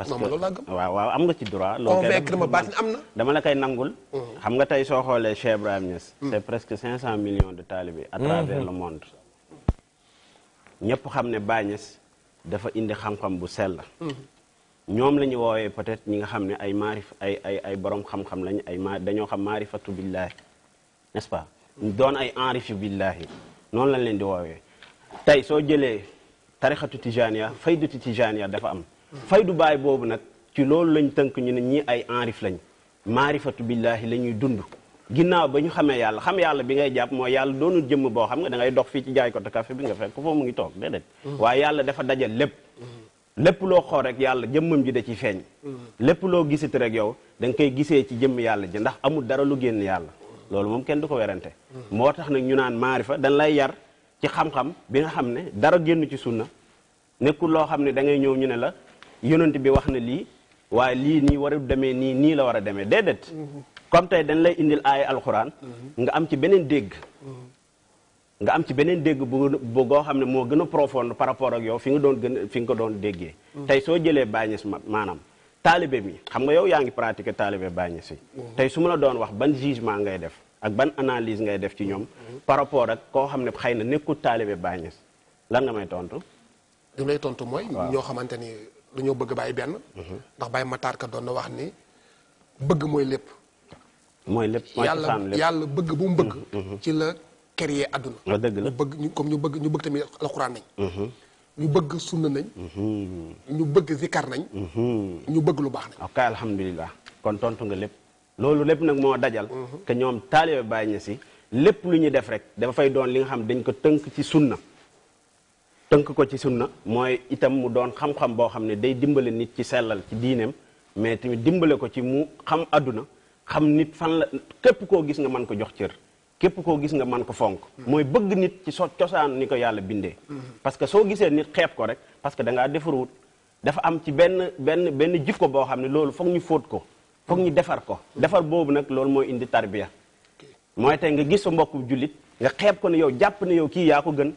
Speaker 4: parce que waaw waaw am nga ci droit. loolu convaincre ma baatin am na. dama la koy nangul. Mm-hmm. xam nga tey soo xoolee Cheikh Ibrahim Niass. Mm-hmm. c'est presque 500 millions de talibés. à travers mm-hmm. le monde. ñëpp xam ne Baye Niass dafa indi xam-xam bu sell. ñoom la ñu woowee peut-être ñi nga xam ne ay maarif ay ay ay borom xam-xam lañ ay ma dañoo xam maarifatu billaahi est ce pas. doon ay enrifi billaahi noonu lañ leen di woowee. tey soo jëlee tarixatu Tijaniya faydatu Tijaniya dafa am. du baay boobu nag ci loolu lañ tënk ñu ne ñii ay enrif lañ maarifatu billaahi la ñuy dund ginnaaw ba ñu xamee yàlla xam yàlla bi ngay jàpp mooy yàlla doonul jëmm boo xam nga da ngay dox fii ci jaay ko te café bi nga fekk foofu mu ngi mm-hmm. dafa dajal lépp
Speaker 5: mm-hmm.
Speaker 4: lépp loo xool rek yàlla jëmmam ji da ci feeñ mm-hmm. lépp loo gisati rek yow da koy gisee ci jëmm yàlla ji ndax amul dara lu génn yàlla loolu moom kenn du ko werante moo tax nag ñu naan maarifa dañ lay yar ci xam-xam bi nga xam ne dara génn ci sunna nekkul loo xam ne da ngay ñëw ñu ne la yonent bi wax na lii waaye lii nii war a demee nii nii la war a demee déedéet comme tey dañ lay indil aay alxuraan nga am ci beneen dégg nga am ci beneen dégg bu bu goo xam ne moo gën a profonde par rapport ak yow fi nga doon gën fi nga ko doon déggee tey soo jëlee bàññis maanaam taalibe mi xam nga yow yaa ngi pratique taalibe bàññis yi tey su ma la doon wax ban jugement ngay def ak ban analyse ngay def ci ñoom par rapport ak koo xam ne xëy na nekkul taalibe bàññis lan nga tontu
Speaker 2: dañoo bëgg bàyyi benn. ndax bàyyi mataar ka doon na wax ni bëgg mooy lépp. mooy lépp mooy yàlla yàlla bëgg bu mu mm-hmm, mm-hmm. ci la créer àdduna. waaw ah, dëgg la ñu comme ñu bëgg ñu bëgg tamit alxuraan nañ. Mm-hmm. ñu bëgg sunna nañ. ñu bëgg zikar nañ. ñu bëgg lu baax nañ. ok alhamdulilah kon tontu nga lépp.
Speaker 4: loolu lépp nag moo dajal. ko ñoom taalibe bàyyi ña si lépp lu ñuy def rek dafa fay doon li nga xam dañ ko tënk ci sunna. tënk ko ci sunna mooy itam mu doon xam-xam boo xam ne day dimbale nit ci sellal ci diineem mais tamit dimbale ko ci mu xam àdduna xam nit fan la képp koo gis nga mën ko jox cër képp koo gis nga mën ko fonk mooy bëgg nit ci so cosaan ni ko yàlla bindee parce que soo gisee nit xeeb ko rek parce que da ngaa defaruwut dafa am ci benn benn benn ko boo xam ne loolu foog ñu fóot ko foog ñu defar ko defar boobu nag loolu mooy indi tarbiya mooy tey nga gis sa mbokku jullit nga xeeb ko yow jàpp ne yow kii yaa ko gën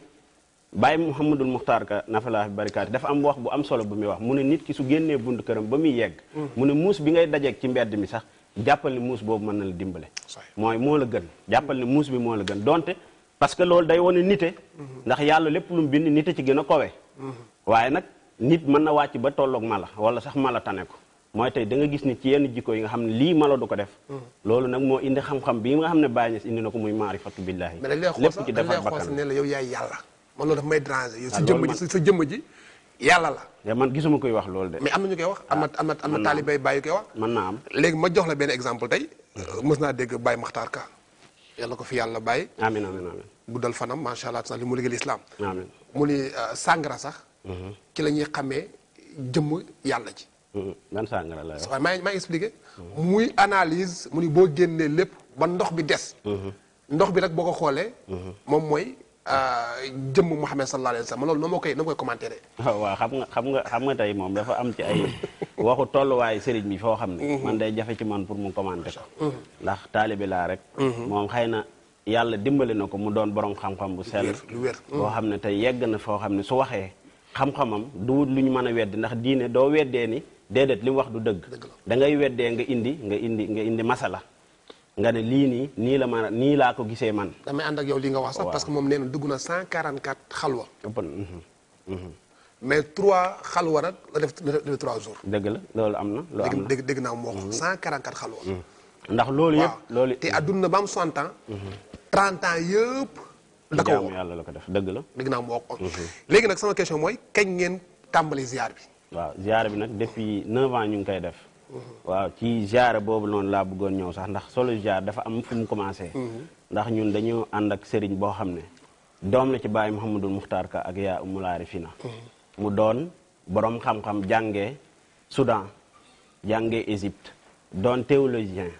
Speaker 4: bàyyi Mouhamadul Muxtaar ka nafalaa barikaati dafa am wax bu am solo bu muy wax mu ne nit ki su génnee buntu këram ba mu yegg mu ne muus bi ngay dajeeg ci mbedd mi sax jàppal ni muus boobu mën na la dimbale mooy moo la gën jàppal ni muus bi moo la gën donte parce que loolu day wane nite ndax yàlla lépp lu mu bind nite ci gën a kowe waaye nag nit mën na wàcc ba tolloog mala wala sax mala tane ko mooy tey da gis ni ci yenn jikko yi nga xam ne lii mala du ko def loolu nag moo indi xam-xam bi nga xam ne bàyyi indi
Speaker 2: la yow yaay yàlla man loolu daf may déranger yow sa ah, jëmm ji sa jëmm ji yàlla la ya man gisuma koy wax loolu de mais am na ñu koy wax am na am na am na ah, taalibay bàyyi koy wax man naa am léegi ma jox la benn exemple tey mës naa dégg Baye Makhtar Ka yàlla ko fi yàlla bàyyi amiin amiin amiin guddal fanam macha allah li mu liggéey lislaam mu ni euh, sàngara sax mhm. ci la ñuy xamee jëmm yàlla ji mhm. ban sàngara la waaye maa maa ngi expliqué muy analyse mu ni boo génnee lépp ba ndox bi des mhm. ndox bi rek boo ko xoolee moom mooy Euh, jëmm Mouhamed sallallahu alayhi wa sallam loolu sa ma koy noo ma koy commenter. waaw xam nga xam
Speaker 4: nga xam tey moom dafa am ci ay waxu tolluwaayu sëriñ bi foo xam ne. Mhm. man day jafe ci man pour mu commenter ko. Mhm. ndax taalibe laa rek. Mhm. moom xëy na yàlla dimbali na ko mu doon borom xam-xam bu sel lu wér boo xam ne tey yegg na foo xam ne su waxee xam-xamam du wut lu ñu mën a weddi ndax diine doo weddee ni déedéet li wax du dëgg. da ngay weddee nga indi nga indi nga indi masala. nga ne lii nii nii la ma nii laa ko gisee man. damay ànd ak yow li nga wax sax
Speaker 2: parce que moom nee dugg na 144 xalwa. Mhm, mhm. mais 3 xalwa nag la def la def 3 jours.
Speaker 4: dëgg la loolu am na. loolu am na dégg
Speaker 2: dégg naa moo ko. Mhm. 144 xalwa. ndax loolu yëpp loolu te adduna ba am 60 ans. 30 ans da
Speaker 4: yàlla la ko def dëgg la.
Speaker 2: dégg naa moo léegi nag sama question mooy kañ ngeen tàmbali ziar
Speaker 5: bi.
Speaker 4: waaw ziar bi nag depuis 9 ans ñu ngi koy def. waaw ci ziyaara boobu noonu laa bëggoon ñëw sax ndax solo ziyaar dafa am fu mu commencé. Mhm. ndax ñun dañu ànd ak sëriñ boo xam ne doom la ci bàyyi Mouhamadul Muxtaar Ka ak yaa umulaari fina mhm. mu doon boroom xam-xam jànge Soudan jànge Égypte doon théologien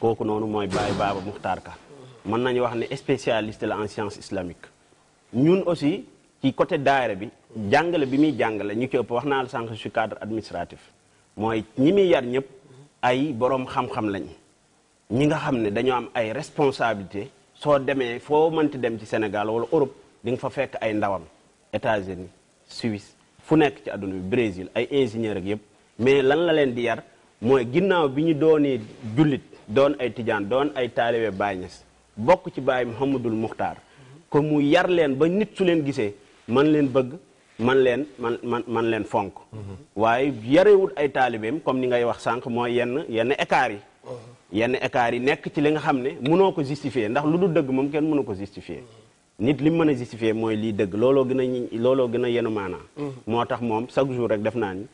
Speaker 4: kooku noonu mooy bàyyi Baaba Muxtaar Ka mhm. mën nañu wax ne spécialiste la en science islamique ñun aussi ci côté daare bi jàngale bi muy la ñu ci ëpp wax naa la sànq je suis cadre administratif mooy ñi muy yar ñëpp ay boroom xam-xam lañ ñi nga xam ne dañoo am ay responsabilité soo demee foo mënti dem ci Sénégal wala Europe di nga fa fekk ay ndawam États-Unis Suisse fu nekk ci àdduna bi Brésil ay ingénieur ak yëpp mais lan la leen di yar mooy ginnaaw bi ñu doonee jullit doon ay tijaan doon ay taalibe Baay bokk ci Baay Muhammadul Muxtaar ko mu yar leen ba nit su leen gisee mën leen bëgg man leen man man man leen fonk waaye yarewut ay taalibeem comme ni ngay wax sànq mooy yenn yenn écart yi yenn écart yi nekk ci li nga xam ne mënoo ko justifier ndax lu dul dëgg moom kenn mënu ko justifier nit li mu mën a justifier mooy lii dëgg looloo gën a looloo gën a yenu maanaa moo tax moom chaque jour rek def naa ni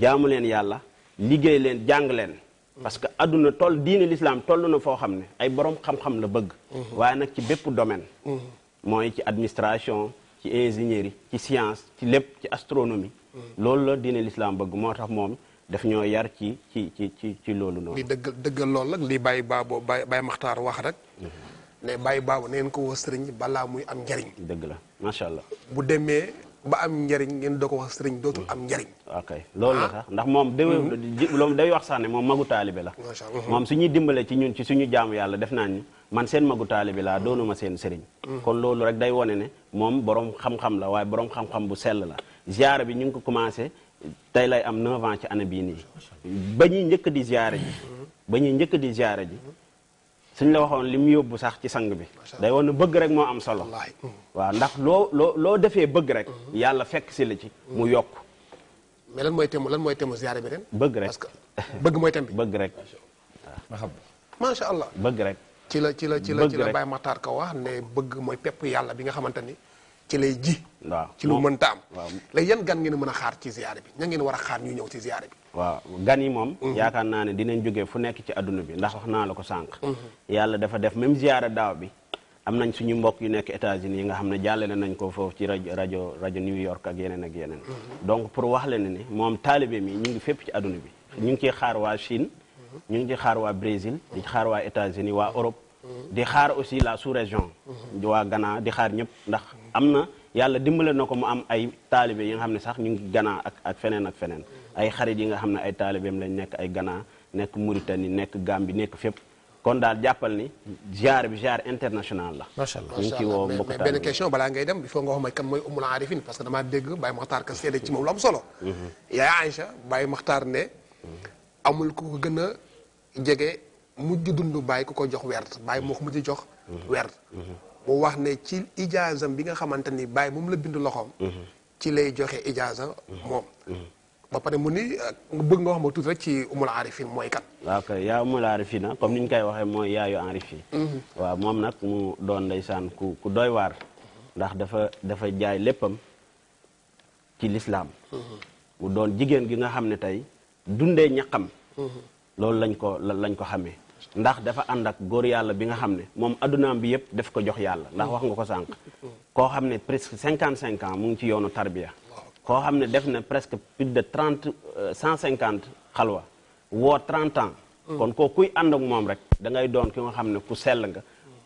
Speaker 4: jaamu leen yàlla liggéey leen jàng leen parce que adduna toll diine lislaam toll na foo xam ne ay borom xam-xam la bëgg mhm. waaye nag ci bépp domaine mhm. mooy ci administration ci ingénierie ci science ci lépp ci astronomie mm. loolu la diine lislaam bëgg moo tax moom def ñoo yar ci ci ci ci ci loolu noonu. li
Speaker 2: dëggal dëggal lag nag li Baye Baabo Baye Maxtaar wax rek mm-hmm. ne Baye Baabo ngeen ko wax sëriñ balaa muy am njariñ
Speaker 4: dëgg la macha allah
Speaker 2: bu demee ba am njariñ ngeen doo ko wax sëriñ dootul am njariñ
Speaker 4: ok loolu la ah. sax ndax moom da mm-hmm. loolu day wax sax ne moom magu taalibe la moom ñuy dimbalee ci ñun ci suñu jaamu yàlla def naa ni man seen magu taalibi laa doonuma seen sëriñ mm. kon loolu rek day wone ne moom borom xam-xam la waaye boroom xam-xam bu sell la ziyaara bi ñu ngi ko commencé tey lay am 9 ans ci année bii nii ba ñuy njëkk di ziyaara ji ba ñuy njëkk di ziyaara ji suñ la waxoon li mu yóbbu sax ci sang bi day woon bëgg rek moo am solo mm. waaw ndax loo loo loo defee bëgg rek mm-hmm. yàlla fekk si la ci mm. mu yokk
Speaker 2: mais mooy temu lan mooy temu ziyaara bi ren bëgg rek bëgg mooy tem bi bëgg rek bëgg rek ci la ci la ci la ci la Baye Makhtar Ka wax ne bëgg mooy pepp yàlla bi nga xamante ni ci lay ji waaw ci lu mënta am léegi yan gan ngeen mën a xaar ci ziyaare bi ña ngeen war a xaar ñu ñëw ci ziyaare bi
Speaker 4: waaw gan yi moom mhm. yaakaar naa ne dinañ jógee fu nekk ci adduna bi ndax wax naa la ko sànq mhm. yàlla dafa def même ziyaare daaw bi am nañ suñu mbokk yu nekk États-Unis yi nga xam ne jàllale nañ ko foofu ci rajo rajo rajo New York ak yeneen ak yeneen mhm. donc pour wax leen moom taalibe fépp ci adduna bi ñu ngi ci xaar waa Brésil di ci xaar waa États-Unis waa Europe di xaar aussi la sous-région waa Ghana di xaar ñëpp ndax am na yàlla dimbale na ko mu am ay taalibe yi nga xam ne sax ñu ngi Ghana ak ak feneen ak feneen ay xarit yi nga xam ne ay taalibeem lañ nekk ay Ghana nekk Mauritanie nekk Gambie nekk fépp kon daal jàppal ni genre bi international la.
Speaker 2: macha allah ñu ngi ciy woo mbokk mais benn question balaa ngay dem parce que damaa dégg Baye Makhtar ka ci moom lu am solo. Mhm. yaa amul ku ko gën a jege mujj dund bàyyi ku ko jox weert bàyyi moo ko mujj jox werd mu wax ne ci ijaazam bi nga xamante ni bàyyi moom la bind loxoom ci lay joxe ijaaza moom ba pare mu ni bëgg nga wax ma tuuti ci umul arifin mooy kan
Speaker 4: waaw kay ah, comme ni koy waxee mooy yaayu arifi waaw moom nag mu doon ndeysaan ku ku doy waar ndax dafa dafa jaay léppam ci lislaam mu doon jigéen gi nga xam ne tey dundee ñaqam mhm. loolu lañ ko lañ ko xamee ndax dafa ànd ak góor yàlla bi nga xam ne moom addunaam bi yëpp def ko jox yàlla ndax wax nga ko sànq mhm. koo xam ne presque cinquante cinq mu ngi ci yoonu tarbiya koo xam ne def na presque plus de trente euh, cent cinquante xalwa woo trente ans mhm. kon koo kuy ànd ak moom rek da ngay doon ki nga xam ne ku sel nga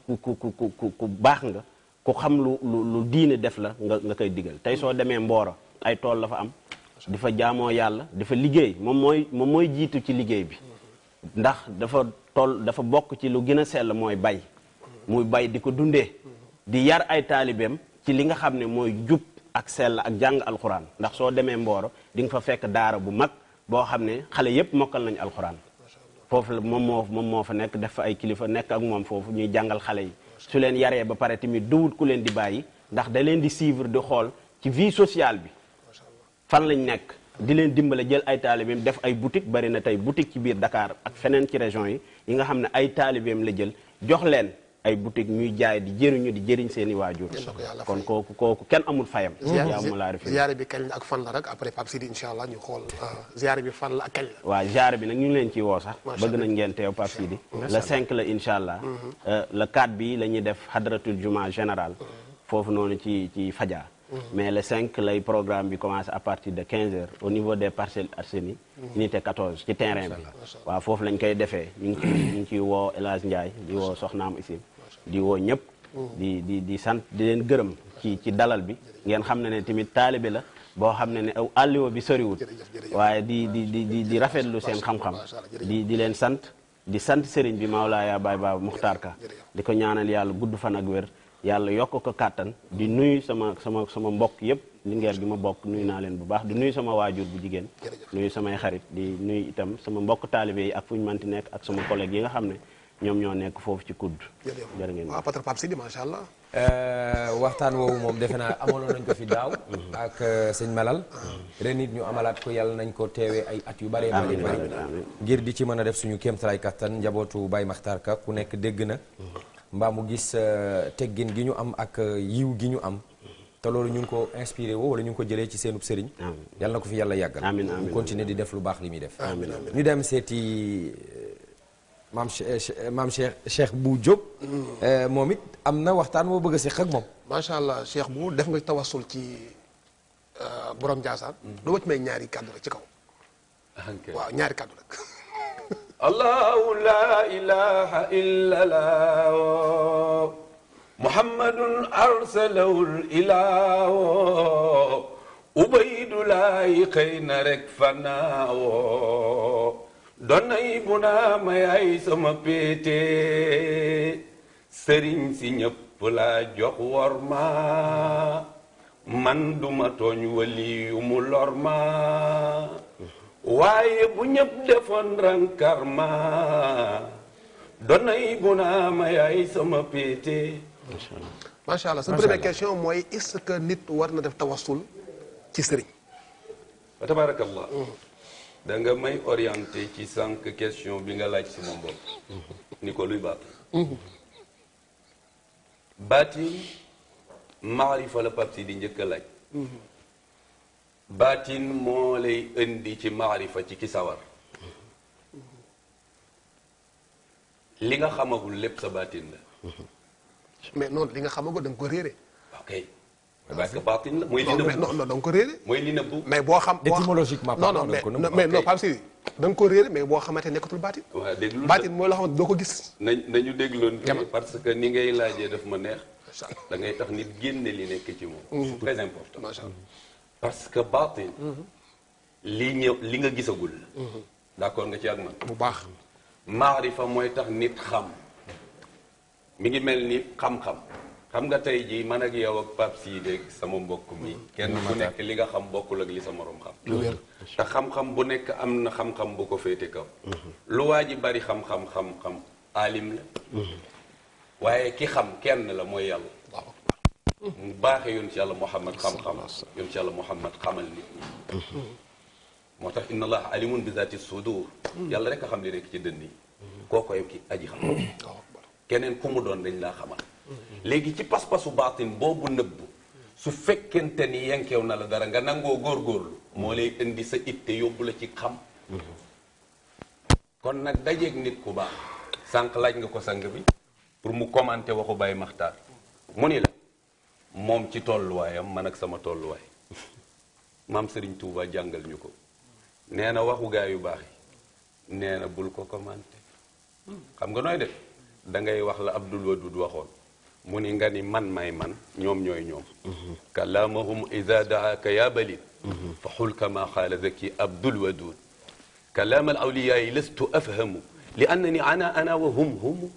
Speaker 4: ku ku ku ku ku baax nga ku xam lu lu lu diine def la nga nga koy digal tey soo demee Mboro ay tool la fa am di fa jaamoo yàlla dafa liggéey moom mooy moom mooy jiitu ci liggéey bi ndax dafa toll dafa bokk ci lu gën a sell mooy bay muy bay di ko dundee di yar ay taalibeem ci li nga xam ne mooy jub ak sell ak jàng alxuraan ndax soo demee Mboro di nga fa fekk daara bu mag boo xam ne xale yépp mokkal nañu alxuraan foofu la moom moo moom moo fa nekk def fa ay kilifa nekk ak moom foofu ñuy jàngal xale yi su leen yaree ba pare tamit duwut ku leen di bàyyi ndax da bi fan lañ nekk di leen dimbale jël ay taalibeem def ay boutique bari na tey boutique ci biir dakaar ak feneen ci région yi yi nga xam ne ay taalibeem la jël jox leen ay boutique ñuy jaay di jëriñu di jëriñ seen i waajur kon kooku kooku kenn amul fayam yaa laa refi ziare
Speaker 2: bi kañ ak fan rek après Pape Sidi incha ñu xool ah, ziare bi fan la ak kañ
Speaker 4: la bi nag ñu ngi leen ciy woo sax bëgg nañ ngeen teew Pape Sidi le 5 la incha allah mhm. euh, le 4 bi la ñuy def hadratul juma général mhm. foofu noonu ci ci faja Mm-hmm. mais le 5 lay programme bi commence à partir de 15 heures au niveau des parcelles Assainies mm-hmm. unité 14 ci terrain bi waaw foofu lañ koy defee ñu ngi ciy ñu ngi ciy woo El Hadj Ndiaye di woo soxnaam isim di woo ñëpp mm-hmm. di di di sant di leen gërëm ci ci dalal bi ngeen xam ne ne tamit taalibe la boo xam ne ne aw allio bi soriwul waaye di di di di di rafetlu seen xam-xam di di leen sant di sant sëriñ bi Mawlaaya Baay Baaba Muxtaar Ka di ko ñaanal yàlla gudd fan ak wér yàlla yokk ko kàttan di nuyu sama sama sama mbokk yëpp lingeer gi ma bokk nuyu naa leen bu baax di nuyu sama waajur bu jigéen nuyu samay xarit di nuyu itam sama mbokk taalibe yi ak fu ñu manti nekk ak sama collègue yi nga xam ne ñoom ñoo nekk foofu ci kudd jërë ngeen waaw
Speaker 2: Patre Pape Sidi macha allah
Speaker 1: euh, waxtaan woowu moom defe naa amaloon nañ ko fi daaw mhm. ak euh, sëñ Malal mhm. ren nit ñu amalaat ko yàlla nañ ko teewee ay at yu bare bari bari ngir di ci mën a def suñu kéemtalaay kattan njabootu Baye Makhtar ku nekk dégg na mhm. mbaa mu gis euh, teggin gi ñu am ak euh, yiw gi ñu am te loolu ñu ngi ko inspiré woo wala ñu ko jëlee ci seenub sëriñ yàlla na ko fi yàlla yàggal amiin amiin continuer di def lu baax li muy def amiin amiin ñu dem seeti euh, maam maam Cheikh bu Diop
Speaker 2: mm.
Speaker 1: moom it am na waxtaan moo bëgg a
Speaker 2: seq ak moom macha allah Cheikh bu def nga tawassul ci borom Ndiassane doo ma ci may ñaari kàddu rek ci kaw ah, waaw ñaari kàddu rek
Speaker 3: الله لا إله إلا الله محمد أرسله الإله أبيد لا يقين رك فناه donay bu naa mayaay sama péete sëriñ si ñëpp laa jox ma man duma tooñ wali yu lor ma waaye bu ñëpp defoon rankarma donay bu naa mayaay sama pété
Speaker 2: macha allah sa première question mooy est nit war na def tawassul ci sëriñ wa
Speaker 3: nga may orienté ci cinq question bi nga laaj sama bopp ni ko luy baat baatin maarifa la papsi di njëkk a laaj baatin moo lay indi ci maarifa ci ki sawar li nga xamagul lépp sa baatin la
Speaker 2: mais noonu li nga xamagul da ko réere la mooy li nëbbu non non da ko réere mooy li nëbbu mais boo xam étymologiquement non non mais non Pape Sidi da nga ko réere mais boo xamante nekkatul baatin waaw déglu baatin mooy loo xamante doo ko gis
Speaker 3: nañ nañu dégloon parce que ni ngay laajee daf ma neex da ngay tax nit génne li nekk ci moom mm. c'est très important parce que baatin lii ñëw li nga gisagul d'accord nga ci ak man bu baax maarifa mooy tax nit xam mu ngi mel ni xam-xam xam nga tey jii man ak yow ak Pape Sidé sama mbokk mi mm-hmm. kenn ku nekk li nga xam bokkul ak li sa moroom xam te xam-xam bu nekk am na xam-xam bu ko féete kaw mm-hmm. lu waa ji bari xam-xam xam-xam aalim la mm-hmm. waaye ki xam kenn la mooy yàlla mu baaxe yoonu ci yàlla Muhammad xam-xam yoon ci yàlla Muhammad xamal nit ñi moo tax inna allah alimun bi zaati sudur yàlla rek xam li nekk ci dënn yi koo koy ki aji xam keneen ku mu doon dañ laa xamal léegi ci pas-pasu baatin boobu nëbb su fekkente ni yenkeew na la dara nga nangoo góorgóorlu moo lay indi sa it te yóbbu la ci xam kon nag dajeeg nit ku baax sànq laaj nga ko sang bi pour mu commenter waxu Baye Makhtar mu ni la moom ci tolluwaayam man ak sama tolluwaay maam Serigne Touba jàngal ñu ko nee na waxu gaa yu baax nee na bul ko commenté xam nga nooy def da ngay wax la Abdul Wadud waxoon mu ni nga ni man may man ñoom ñooy ñoom kalaamahum ida daaka ya balid fa xul kama xaala zaki Abdul Wadud kalaam al awliyaa yi lastu afhamu li annani ana ana wa hum humu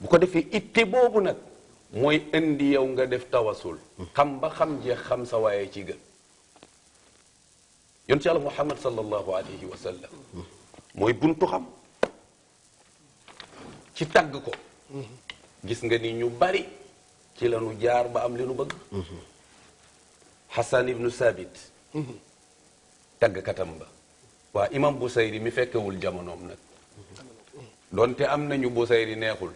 Speaker 3: bu ko defee itte boobu nag mooy indi yow nga def tawasul xam ba xam jeex xam sa ci gën yon ci yàlla muhammad sallallahu alayhi wa sallam mooy buntu xam ci tagg ko gis nga ni ñu bari ci la nu jaar ba am li nu bëgg xasan ibnu sabit taggkatam ba waa imam busayri mi fekkewul jamonoom nag doonte am nañu busayri neexul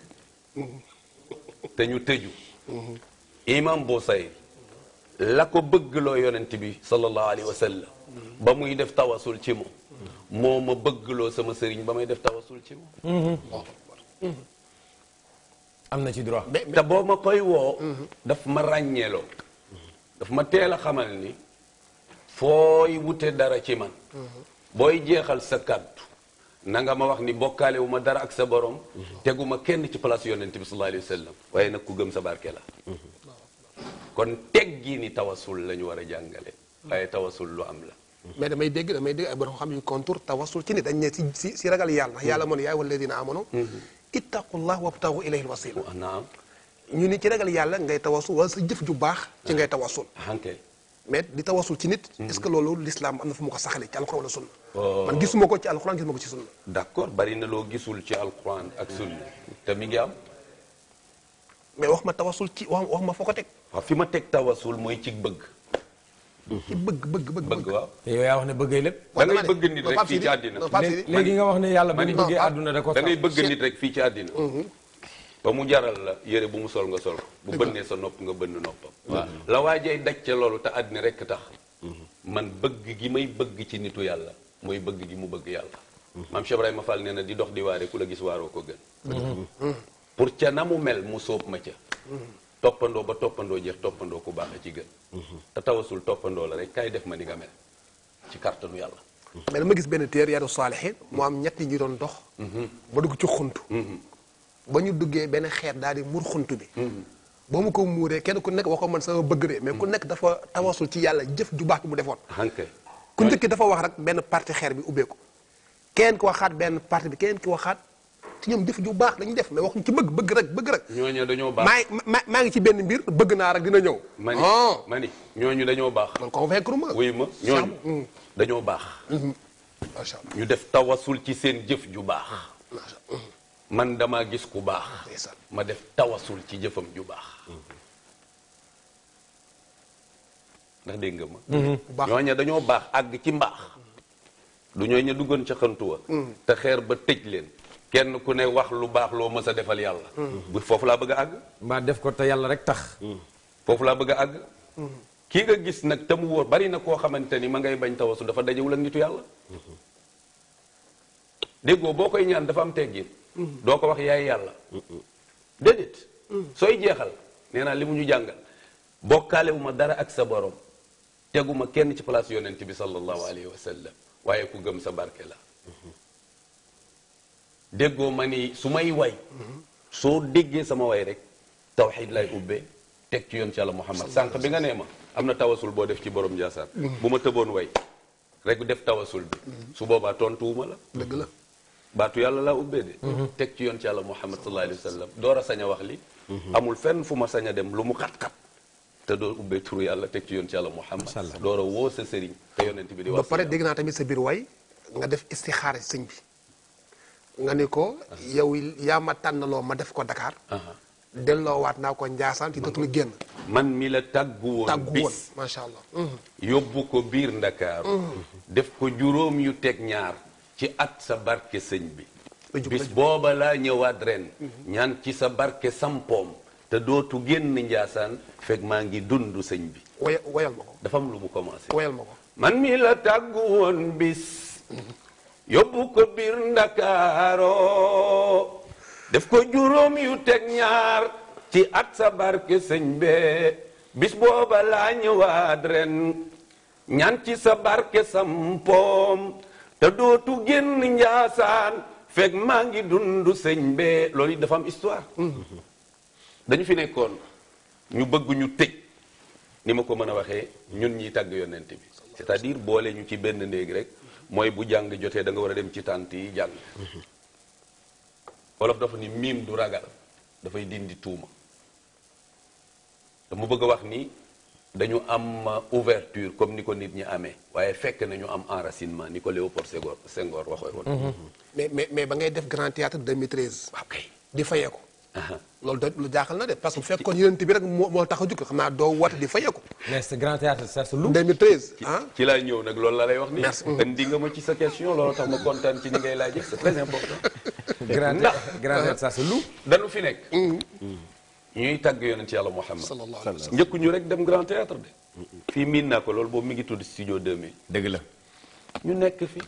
Speaker 3: te ñu tëju imam boo say la ko bëgg loo yonent bi sallallahu alayhi wa ba muy def tawasul ci moom moo ma bëggloo sama sëriñ ba may def tawasul ci
Speaker 1: moom am na ci droit
Speaker 3: te boo ma koy woo daf ma ràññeeloo daf ma teel a xamal ni fooy wute dara ci man booy jeexal sa kàddu nanga ma wax ni bokkaale ma dara ak sa borom. teguma kenn ci place yonent bi sallallahu alayhi wa sallam waaye nag ku gëm sa barke la. kon teggi ni tawasul la ñu war a jàngale. waaye tawasul lu am la.
Speaker 2: mais damay dégg damay dégg ay borom xam yu contour tawasul ci ne dañ ne si si si ragal yàlla ndax yàlla moo ne yaa ayyuhal ladiina aamanu. ittaqullah wabtagu ilayhil wasiila. naam ñu ni ci ragal yàlla ngay tawasul wala sa jëf ju baax. ci ngay tawasul. mais di tawasul ci nit. est-ce que loolu l'islam am na fu mu ko saxalee ci alxuraan wala sunna.
Speaker 3: Oh. man gisuma
Speaker 2: ko ci alxuraan gisuma ko ci sunna.
Speaker 3: d'accord bari na loo gisul ci alxuraan ak sunna te mi ngi am.
Speaker 2: mais wax ma tawasul ci wax ma foo ko teg.
Speaker 3: waaw fi ma teg tawasul mooy ci bëgg. ci bëgg bëgg bëgg. bëgg waaw
Speaker 1: te yow yaa wax ne bëggee
Speaker 3: lépp. da ngay bëgg nit rek fii ci àddina léegi nga wax ne yàlla bu ñu bëggee àdduna da ko da ngay bëgg nit rek fii ci àddina mhm. ba mu jaral la yére bu mu sol nga sol bu bënnee sa nopp nga bënn noppam waaw la waajay daj ca loolu te àddina rekk tax mhm. man bëgg gi may bëgg ci nitu yàlla mooy bëgg gi mu bëgg yàlla mhm. maam Cheikh Ibrahima Fall na di dox di waare ku la gis waaroo ko
Speaker 5: mhm.
Speaker 3: pour ca na mu mel mu sóob ma ca toppandoo ba toppandoo jeex toppandoo ku baax ci gën te toppandoo la rek def ma ni nga mel ci
Speaker 2: gis benn téer yaru saalihin mu am ñett yi doon dox ba dugg ci xuntu ba ñu duggee benn xeet daal di mur xunt bi mm-hmm. boo mu ko muuree kenn ku nekk waxoo man sama bëgg de mais ku nekk dafa tawasul ci yàlla jëf ju baax bi mu defoon ah, ku njëkk dafa wax rek benn parti xeer bi ubbeeku kenn ki waxaat benn parti bi kenn ki waxaat ci ñoom jëf ju baax dañu def mais waxuñ ci bëgg bëgg rek bëgg rek ñooñu dañoo baax maa maa ngi ci benn mbir bëgg naa rek dina ñëw
Speaker 3: mani ah. mani ñooñu dañoo baax man
Speaker 2: convaincre ma wuy ma ñooñu mm. dañoo baax mm-hmm.
Speaker 3: ñu def tawasul ci seen jëf ju baax man damaa gis ku baax ma def tawasul ci jëfam ju baax ndax dégg nga ma mhm. ñooña dañoo baax àgg ci mbaax du ñooy ña duggoon ca xantuwa mhm. te xeer ba tëj leen kenn ku ne wax lu baax loo mës a defal yàlla mhm. bu foofu laa bëgg a àgg mbaa def ko te yàlla rek tax foofu laa bëgg a àgg kii nga gis nag te mu wóor bari na koo xamante ni ma ngay bañ tawasu dafa dajewul ak nitu yàlla déggoo boo koy ñaan dafa am teggin doo ko wax yaay yàlla déedéet sooy jeexal nee naa li mu ñu jàngal bokkaale wu ma dara ak sa borom teguma kenn ci place yonent bi sallallahu alayhi wa sallam waaye ku gëm sa barke la déggoo ma ni su may way soo déggee sama way rek tawxid lay ubbee teg ci yoon ci yàlla muhammad sànq bi nga nee ma am na tawasul boo def ci borom njaasaan mm-hmm. bu ma tëboon way rek def tawasul bi mm-hmm. su boobaa tontuwuma la la baatu yàlla laa ubbee de mhm. teg ci yoon ci yàlla muhammad sallallahu alayhi wa door a wax li mhm. amul fenn fu ma sañ a dem lu mu xat-xat te doo ubbee turu yàlla teg ci yoon ci yàlla muhammad door a woo sa sëriñ te bi di ba pare dégg
Speaker 2: naa tamit sa biir way nga def istixaara sëñ bi nga ni ko ah. yow yaa ma tànnaloo ma def ko Dakar ah. delloowaat naa ko Njaasaan ci dootul génn
Speaker 3: man mi la tàggu woon bis
Speaker 2: macha allah mhm.
Speaker 3: yóbbu ko biir Ndakaaru def ko juróom yu teg ñaar ci at sa barke sëñ bi bis booba laa ñëwaat ren ñaan ci sa barke sampom te dootu génn njaasaan fekk maa ngi dund sëñ bi woyal ma ko lu mu commencé man mi la tàggu woon bis yóbbu ko biir ndakaaro def ko juróom yu teg ñaar ci at sa barke sëñ bee bis booba laa ñëwaat ren ñaan ci sa barke sampoom te dootu génn njaasaan fekk maa ngi dund sëñ bee loolu it dafa am histoire dañu fi nekkoon ñu bëgg ñu tëj ni ma ko mën a waxee ñun ñiy tàgg yonent bi c'est-à-dire boole ñu ci benn néeg rek mooy bu jàng jotee da nga war a dem ci tànt yi jàng wolof dafa ni miim du ragal dafay dindi tuuma dama bëgg a wax nii dañu am euh, ouverture comme ni ko nit ñi amee waaye fekk na ñu am enracinement ni ko Léopold Senghor Senghor waxee woon.
Speaker 2: Mm-hmm. mais mais ba ngay def grand théâtre 2013. waaw kay di fayee ko. loolu da na parce que bu fekkoon yonent bi rek tax a jukk ah. loolu
Speaker 3: lay wax nii. merci indi nga sa question loolu tax ma dañu fi nekk. Mm-hmm. Mm. ñuy tàgg yonent yàlla Muhammad sallallahu alayhi wasallam njëkku ñu rek dem grand théâtre de fii miin naa ko loolu boobu mu ngi tudd studio 2000 dëgg la ñu nekk fi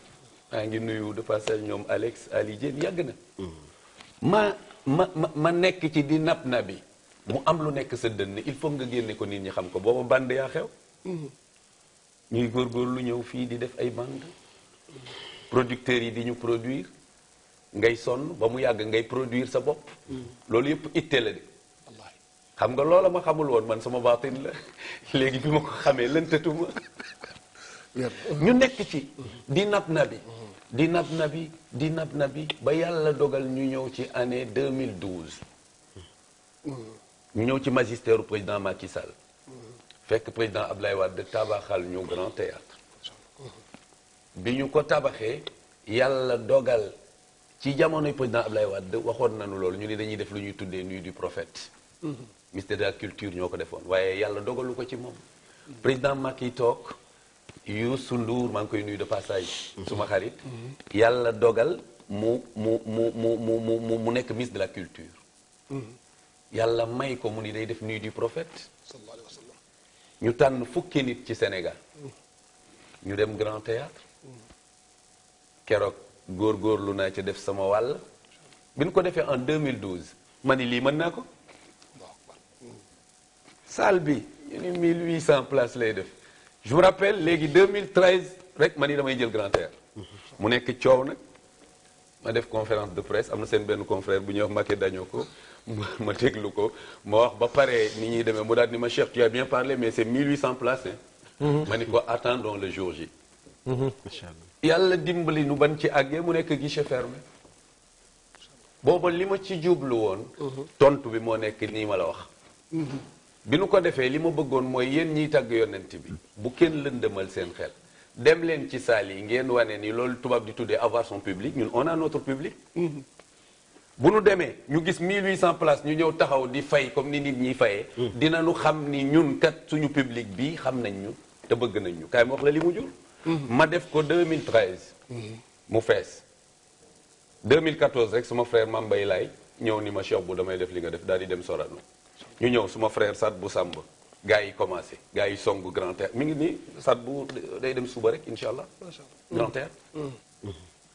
Speaker 3: maa ngi nuyu de passage ñoom Alex Ali Diène yàgg na mm. ma ma ma nekk ci di nab na bi mu am lu nekk sa dënn il faut nga génne ko nit ñi xam ko booba bande yaa xew mm-hmm. ñuy lu ñëw fii di def ay bande producteurs yi di ñu produire ngay sonn ba mu yàgg ngay produir sa bopp mm. loolu yëpp itte la de xam nga loola ma xamul woon man sama baatin la léegi bi ma ko xamee lëntatuma ñu nekk ci di nab nabi di nab nabi di nab nabi ba yàlla dogal ñu ñëw ci année 2012 ñu ñëw ci magistère président Macky Sall fekk président ab lay Wade tabaxal ñu grand théâtre bi ñu ko tabaxee yàlla dogal ci jamonoy président lay Wade waxoon nañu loolu ñu ne dañuy def lu ñuy tuddee nuit du prophète ministère de la culture ñoo ko defoon waaye yàlla dogalu ko ci moom. président Macky toog Youssou Ndour maa ngi koy nuyu de passage. suma xarit. yàlla dogal mu mu mu mu mu mu mu nekk ministre de la culture. yàlla may ko mu ni day def nuyu du prophète. ñu tànn fukki nit ci Sénégal. ñu dem Grand Théâtre keroog góorlu naa ci def sama wàll. bi ñu ko defee en 2012 ma lii mën naa ko. salle bi ñu ni cent place lay def je me rappelle léegi 2013 rek ma ni damay jël grand air mu nekk coow nag ma def conférence de presse am na seen benn confrère bu ñëw wax Mbacké dañoo ko ma déglu ko ma wax ba pare ni ñuy demee mu daal ni ma Cheikh tu as bien parlé mais c'est 1800 places hein mhm. ma ni ko attendons le jour J mhm. yàlla dimbali nu ban ci àggee mu nekk guichet fermé booba li ma ci jublu woon mhm. tontu bi moo nekk nii ma la wax bi nu ko defee li ma bëggoon mooy yéen ñiy tàgg yonent bi bu kenn lëndëmal seen xel dem leen ci saal yi ngeen wane nii loolu tubaab di tuddee avoir son public ñun on a notre public mhm. bu nu demee ñu gis 1800 places ñu ñëw taxaw di fay comme ni nit ñi fayee mhm. dina nu xam ni ñun kat suñu publique bi xam nañ ñu te bëgg nañ ñu kaay ma wax la li mu jur mhm. ma def ko 2013 mu fees 2014 rek suma frère Mambay Laay ñëw ni ma Cheikh bu damay def li nga def daal di dem Sorano ñu ñëw suma frère Sat bu Samb gars yi commencé gars yi songu grand terre ngi nii Sat bu day dem suba rek incha allah. grand terre. Mm.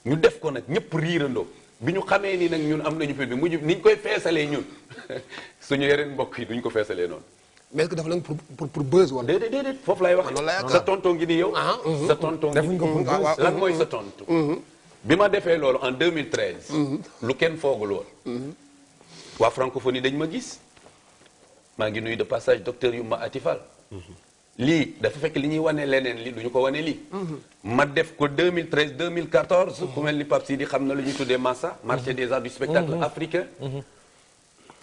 Speaker 3: ñu def ko nag ñëpp riirandoo bi ñu xamee nii nag ñun am nañu fi bi mujj niñ koy feesalee ñun suñu yeneen mbokk yi duñ ko feesalee noonu.
Speaker 2: mais est-ce que dafa lañ pour pour pour buzz wala. déedéet déedéet foofu laay wax. Ah, sa
Speaker 3: tonton ngi nii yow. Ah, ah, sa tonton ngi nii nag mm-hmm. mooy sa tontu. Mm-hmm. bi ma defee loolu en 2013. Mm-hmm. lu kenn foogul woon. waa francophonie dañ ma gis. maa ngi nuyu de passage docteur Yuma Atifal lii dafa fekk li ñuy wane leneen li du ñu ko wane lii ma def ko 2013 2014 ku mel ni Pape Sidi xam na lu ñuy tuddee Massa marché des arts du spectacle mhm. africain mhm.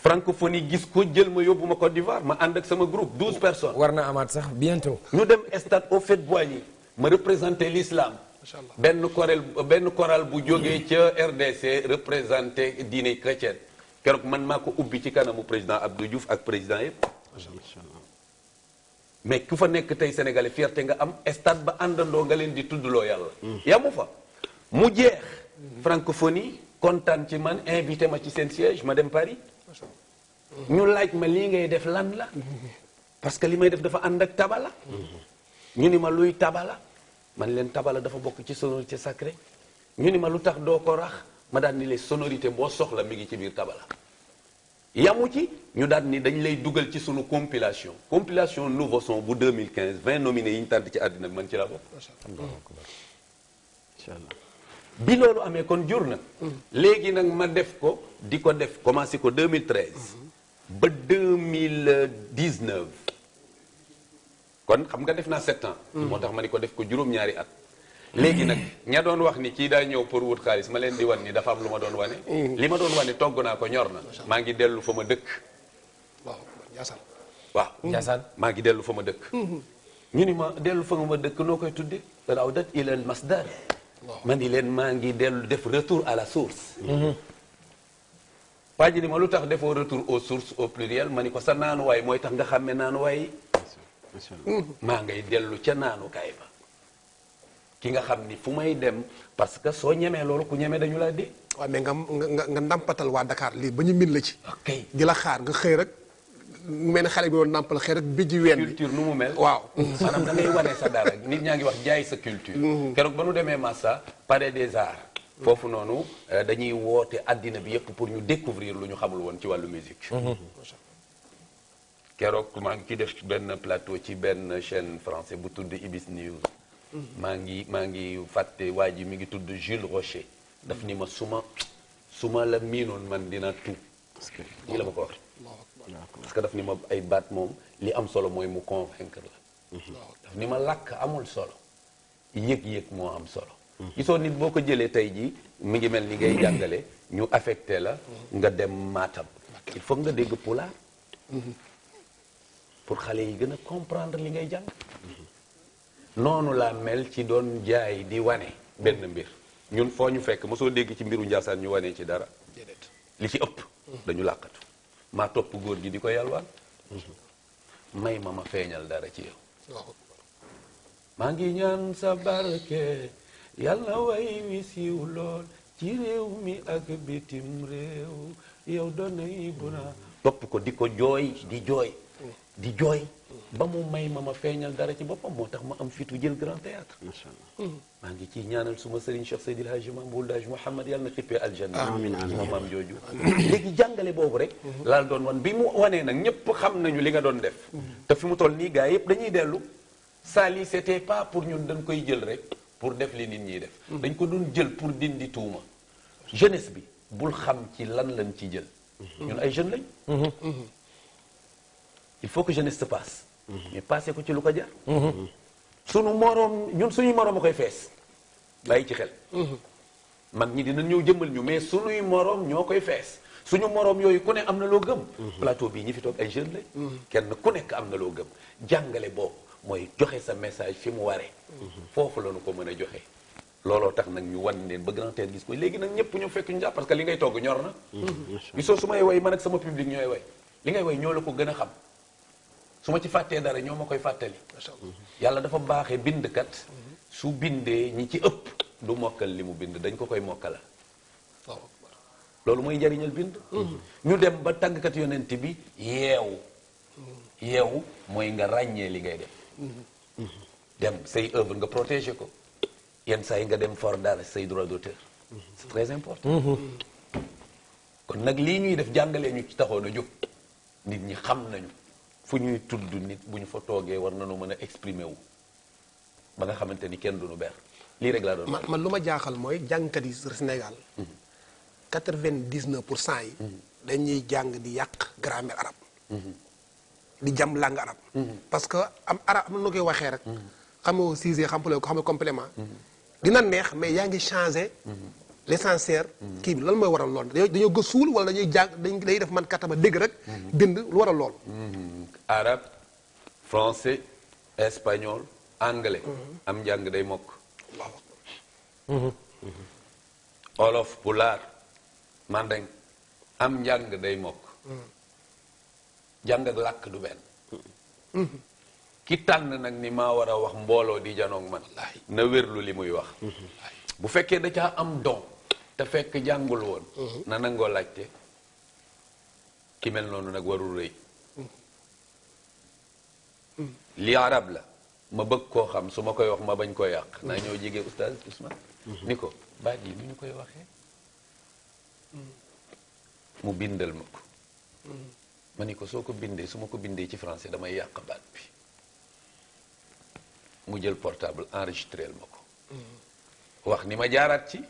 Speaker 3: francophonie gis ko jël ma yóbbu ma Côte d'Ivoire ma ànd ak sama groupe 12 personnes war na amaat sax bientôt ñu dem stade au fait boigny ma représenté l'islam benn chorale benn chorale bu jógee ca RDC représenté diine chrétienne keroog man maa ko ubbi ci kanamu président Abdou Diouf ak président yëpp. mais ku fa nekk tey sénégalais fierté nga am stade ba àndandoo nga leen di tuddloo yàlla. Mm. yamu fa mu jeex. francophonie kontaan ci man invité ma ci seen siège ma dem Paris. Mm. ñu laaj ma lii ngay def lan la. Mm. parce que li may def dafa ànd ak tabala. ñu ni ma luy tabala. man leen tabala dafa bokk ci sonorité sacrée. ñu ni ma lu tax doo ko rax. ma daan ni les sonorités boo soxla mi ngi ci biir tabala yamu ci ñu daan ni dañ lay dugal ci sunu compilation compilation nouveau son bu 2015 20 nominés yi ñu tànn ci àddina bi man ci laa bokk. incha allah bi loolu amee kon jur na. léegi nag ma def ko di ko def commencé ko 2013. ba 2019. kon xam nga def naa 7 ans. Mm. moo tax ma ni ko def ko juróom-ñaari at. léegi nag ña doon wax ni kii daa ñëw pour wut xaalis ma leen di wan ni dafa am lu ma doon wane. Mm. li ma doon wane togg naa ko ñor na. maa ngi dellu fa ma dëkk. waaw waaw mm. Ndiassane maa ngi dellu fa ma dëkk. Mm-hmm. ñu ni ma dellu fa ma dëkk noo koy tudde al awdat ila al masdar. ma ni leen maa ngi dellu def retour à la source. Mm-hmm. waa ji ni ma lu tax defoo retour aux sources au pluriel ma ni ko sa naanuwaay mooy tax nga xàmme naanuwaay. Mm-hmm. maa ngay dellu ca naanukaay
Speaker 2: ba. ki nga xam ni fu may dem parce que soo ñemee loolu ku ñemee dañu laa di. waaw mais nga nga nga ndàmpatal waa dakaar lii ba ñu min la ci. ok di la xaar nga xëy rek mu mel ne xale bi doon nàmpal xëy rek bi ji ween. culture nu mu mel. waaw maanaam da ngay wane
Speaker 3: sa dara nit ñaa ngi wax jaay sa culture. Mm-hmm. keroog ba nu demee Massa palais des arts. foofu noonu euh, dañuy woote addina bi yëpp pour ñu découvrir lu ñu xamul woon ci wàllu musique. Mm-hmm. keroog maa ngi ciy def benn plateau ci benn chaîne français bu tudd Ibis News. maa ngi maa ngi fàtte waa ji mi ngi tudd Jules Rocher. daf ni ma suma suma la miinoon man dina tuub. lii la ma ko parce que daf ni ma ay baat moom li am solo mooy mu convaincre la. Mhm. daf ni ma làkk amul solo yëg-yëg moo am solo. Mhm. gisoo nit boo ko jëlee tey jii mi ngi mel ni ngay mhm. jàngale ñu affecté la nga dem Matam il faut nga dégg pulaar pour xale yi gën a comprendre li ngay jàng noonu laa mel ci doon jaay di wane benn mbir ñun foo ñu fekk mosoo dégg ci mbiru Ndiassane ñu wane ci dara li ci ëpp dañu làqatu maa topp góor gi di ko yalwaan may feeñal dara ci ngi ñaan sa barke yàlla way wi siiw lool ci réew mi ak bitim réew yow doonay bu naa topp ko di ko jooy di jooy di jooy ba mu may ma ma feeñal dara ci boppam moo tax ma am fitu jël grand théâtre macha allah hmm. maa ngi ciy ñaanal suma Serigne Cheikh Seydil Hadji Mame Boul Hadj Mouhamed yàlla na xippee aljanna amiin amiin maam jooju léegi jàngale boobu rek hmm. laal doon wan bi mu wanee nag ñëpp xam nañu li nga doon def hmm. te fi mu toll nii gars yëpp dañuy dellu saa lii c'était pas pour ñun dañ koy jël rek pour def li nit ñiy def dañ ko doon jël pour dindi tuuma jeunesse bi bul xam ci lan lañ ci jël ñun ay jeunes lañ il faut que jeunesse se passe. Mhm. mais passé ko ci lu ko jar. Mhm. sunu moroom ñun suñuy moroom a koy fees. bàyyi ci xel. Mhm. mag ñi dina ñëw jëmmal ñu mais suñuy moroom ñoo koy fees suñu moroom yooyu ku ne am na loo gëm. plateau bii ñu fi toog ay jeunes la. kenn ku nekk am na loo gëm jàngale boobu mooy joxe sa message fi mu waree. foofu la nu ko mën a joxe. looloo tax nag ñu wan leen ba grand terre gis ko léegi nag ñëpp ñu fekk ñu jàpp parce que li ngay togg ñor na. gisoo su may way man sama public ñooy li ngay way ñoo la ko gën a xam. su ma ci fàttee dara ñoo ma koy fàttali mm-hmm. yàlla dafa baaxee bindkat mm-hmm. su bindee ñi ci ëpp du mokkal li mu bind dañ ko koy mokkala loolu mooy njariñal bind mm-hmm. ñu dem ba tàggkat yonent bi yeewu yeew mooy nga ràññee li ngay def dem say œuvre nga protéger ko yenn saa yi nga dem for dara say droit d'auteur kon nag lii ñuy def jàngalee ñu ci taxoon a jóg nit ñi xam nañu fu ñuy tudd nit bu ñu fa toogee war na nañu mën a exprimer wu ba nga xamante ni kenn du duñu beer lii rek laa doon man man
Speaker 2: lu ma jaaxal mooy jàngkat yi Sénégal mhm. quatre-vingt-dix-neuf pour cent yi mhm. dañuy jàng di yàq grammaire arab mhm. di jam langue arabe parce que am arabe am na koy waxee rek xamoo sujet xam ko xam complément dina neex mais yaa ngi changé l'essentiel kii bi lan mooy waral lool dañoo dañoo gësuwul wala dañuy jàng dañ day def man katama dégg rek dënd lu waral lool
Speaker 3: arabe français espagnol anglais. Mhm. am njàng day mokk. Mhm. Mhm. olof pulaar mandeng am njàng day mokk. jàng ak làkk du benn. ki tànn nag ni ma war a wax mbooloo di janoog man. na wérlu li muy wax. bu fekkee da caa am don te fekk jàngul woon. na nangoo laajte ki mel noonu nag warul rëy. li arab la ma bëgg koo xam su ma koy wax ma bañ koo yàq naa ñëw jege oustaz Ousmane mhm. ni ko baat yi nu ñu koy waxee mhm. mu bindal ma ko mhm. ma ni ko soo ko bindee su ma ko bindee ci français damay yàq baat bi mu jël portable enregistreel ma ko wax ni ma jaaraat ci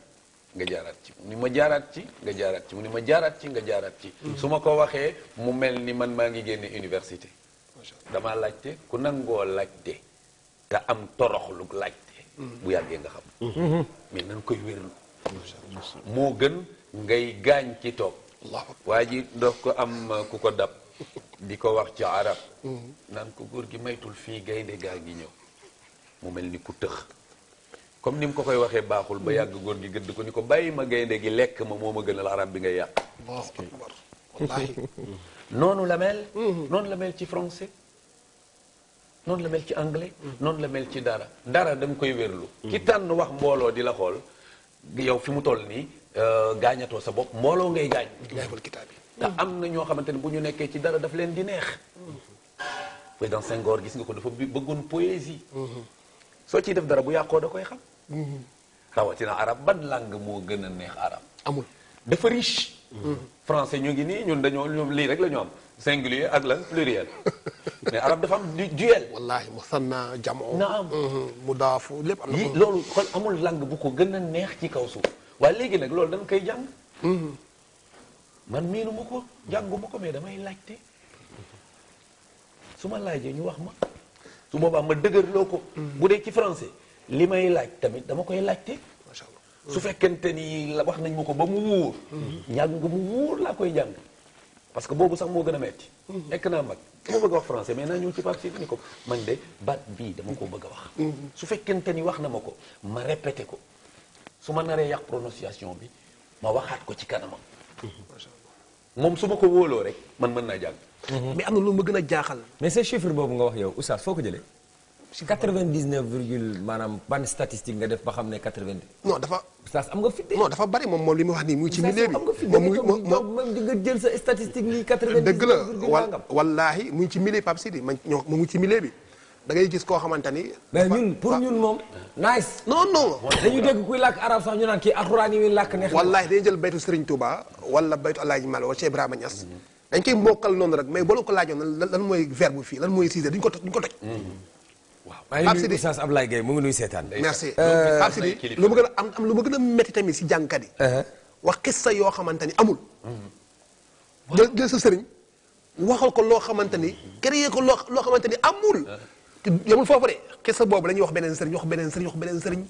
Speaker 3: nga jaaraat ci ni ma jaaraat ci nga jaaraat ci mu ni ma jaaraat ci nga jaaraat ci su ma ko waxee mu mel ni man maa ngi génne université dama laajte ku nangoo laajte te am toroxlu laajte mhm. bu yàggee nga xam mhm. mais nan koy wérlu moo gën ngay gaañ ci toog waa ji ndox ko am ku ko dab di ko wax ci arab mhm. naan ko góor gi maytul fii gaynde gaa ngi ñëw mu mel ni ku tëx comme ni mu ko koy waxee baaxul ba yàgg góor gi gëdd ko ni ko bàyyi ma gaynde gi lekk ma moo ma gënal arab bi ngay yàq noonu la mel. Mhm. noonu la mel ci français noonu la mel ci anglais. Mhm. noonu la mel ci dara dara da koy wérlu. ki mhm. tànn wax mbooloo di la xool yow fi mu toll nii euh, gaañatoo sa bopp mbooloo ngay gaañ. jaajëfal kitaab yi. am na ñoo xamante ne bu ñu nekkee ci dara daf leen di neex. président Senghor gis nga ko dafa bëggoon poésie. soo ci def dara bu yàqoo da koy xam. rawatina arab ban langue moo gën a neex arab. amul dafa riche. français ñu ngi nii ñun dañoo lii rek la am singulier ak la pluriel mais arab dafa am duel. wallaahi musanna jamoo. naam mhm. mudaafu lépp am na ko. loolu kon amul langue bu ko gën a neex ci kaw suuf waaye léegi nag loolu dañ koy jàng. Mhm. man miinu ma ko ma damay laajte su ma ñu wax ma su boobaa ma dëgërloo ko. Mhm. bu dee ci français li may laaj tamit dama koy laajte. su fekkente ni la wax nañ ma ko ba mu wóor. Mhm. jàng nga mu wóor laa koy jàng. parce que boobu sax moo gën a metti mhm. nekk naa mag moo bëgg a wax français mais naa ñëw ci Pape Sidi ni ko man de baat bii dama koo bëgg a wax. Mhm. su fekkente ni wax na ma ko ma répété ko su ma naree yàq prononciation bi ma
Speaker 1: waxaat ko ci kanamam. moom su ma ko wóoloo rek man mën naa jàng. mais am na lu ma gën a jaaxal. mais ces chiffres boobu nga wax yow oustaz foo ko jëlee. si 99 virgule maanaam ban statistique nga def ba xam ne 90. non dafa. oustaz am nga dafa bari moom moom li mu wax nii muy ci milieu bi. moom muy moom
Speaker 2: di nga jël sa statistique nii 90. dëgg la wal wallaahi muy ci milieu Pape Sidi man ñoo mu ngi ci milieu bi. da gis koo xamante ni. mais pour ñun moom. nice non non. dañu dégg kuy làkk arab sax ñu naan kii alxuraan yi muy làkk neex. wallaahi dañuy jël baytu Serigne Touba wala baytu El Hadj Mal wala Cheikh Ibrahima Niass. dañ koy mokkal noonu rek mais boo ko laajoon lan lan mooy verbe fii lan mooy siise duñ ko duñ ko waaw maa ngi nuyu Oustaz
Speaker 1: Ablaye Gueye mu ngi nuyu seetaan. merci euh, Pape Sidi lu ma gën
Speaker 2: a am lu ma gën a métti tamit si jànkat yi. Uh-huh. wax xissa yoo xamante ni amul. jël jël sa sëriñ waxal ko loo xamante ni créé ko loo loo xamante ni amul. Uh-huh. te yamul foofu de xissa boobu la ñuy wax beneen sëriñ wax beneen sëriñ wax beneen sëriñ.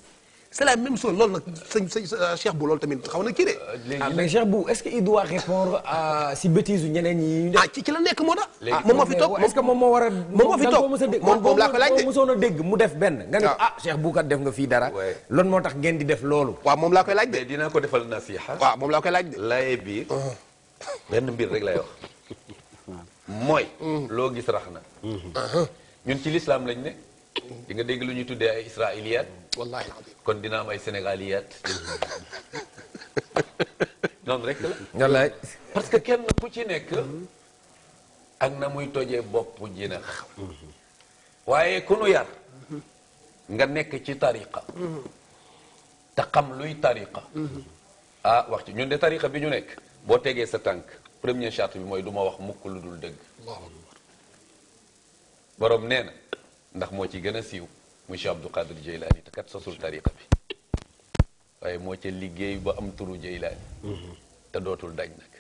Speaker 2: c'est la même chose loolu nag sëñ sëñ ah, Cheikh Bou loolu tamit xaw na kii de. Euh, léegi ah, mais Cheikh si bêtise yu ah, ci ci la nekk moo tax. léegi moom moo fi toog
Speaker 1: que moom moo war a. moom moo fi toog moom laa a dégg mu def benn. nga ne ah Cheikh Bou kat def nga fii moo tax ngeen di def loolu. moom laa koy laaj de. dina ko defal nasiha. waaw
Speaker 3: moom laa koy laaj de. laye biir. benn mbir rek lay wax. mooy. Mm. loo gis rax na.
Speaker 5: Mm-hmm.
Speaker 3: ñun ci lislaam lañ ne. di nga dégg lu ñuy tuddee ay israiliyaat wallaahi kon dina am ay noonu rek la. parce que kenn ku ci nekk. ak na muy tojee bopp jinax waaye ku nu yar. nga nekk ci tariqa. te xam luy tariqa. ah wax ci ñun de tariqa bi ñu nekk. boo tegee sa tànk première charte bi mooy duma wax mukk lu dul dëgg. borom nee na ndax moo ci gën a siiw. muy Cheikh Abdou Qadir Jeylaani te kat sosul tariqa bi waaye moo ca liggéey ba am turu Jeylaani mm-hmm. te dootul dañ nag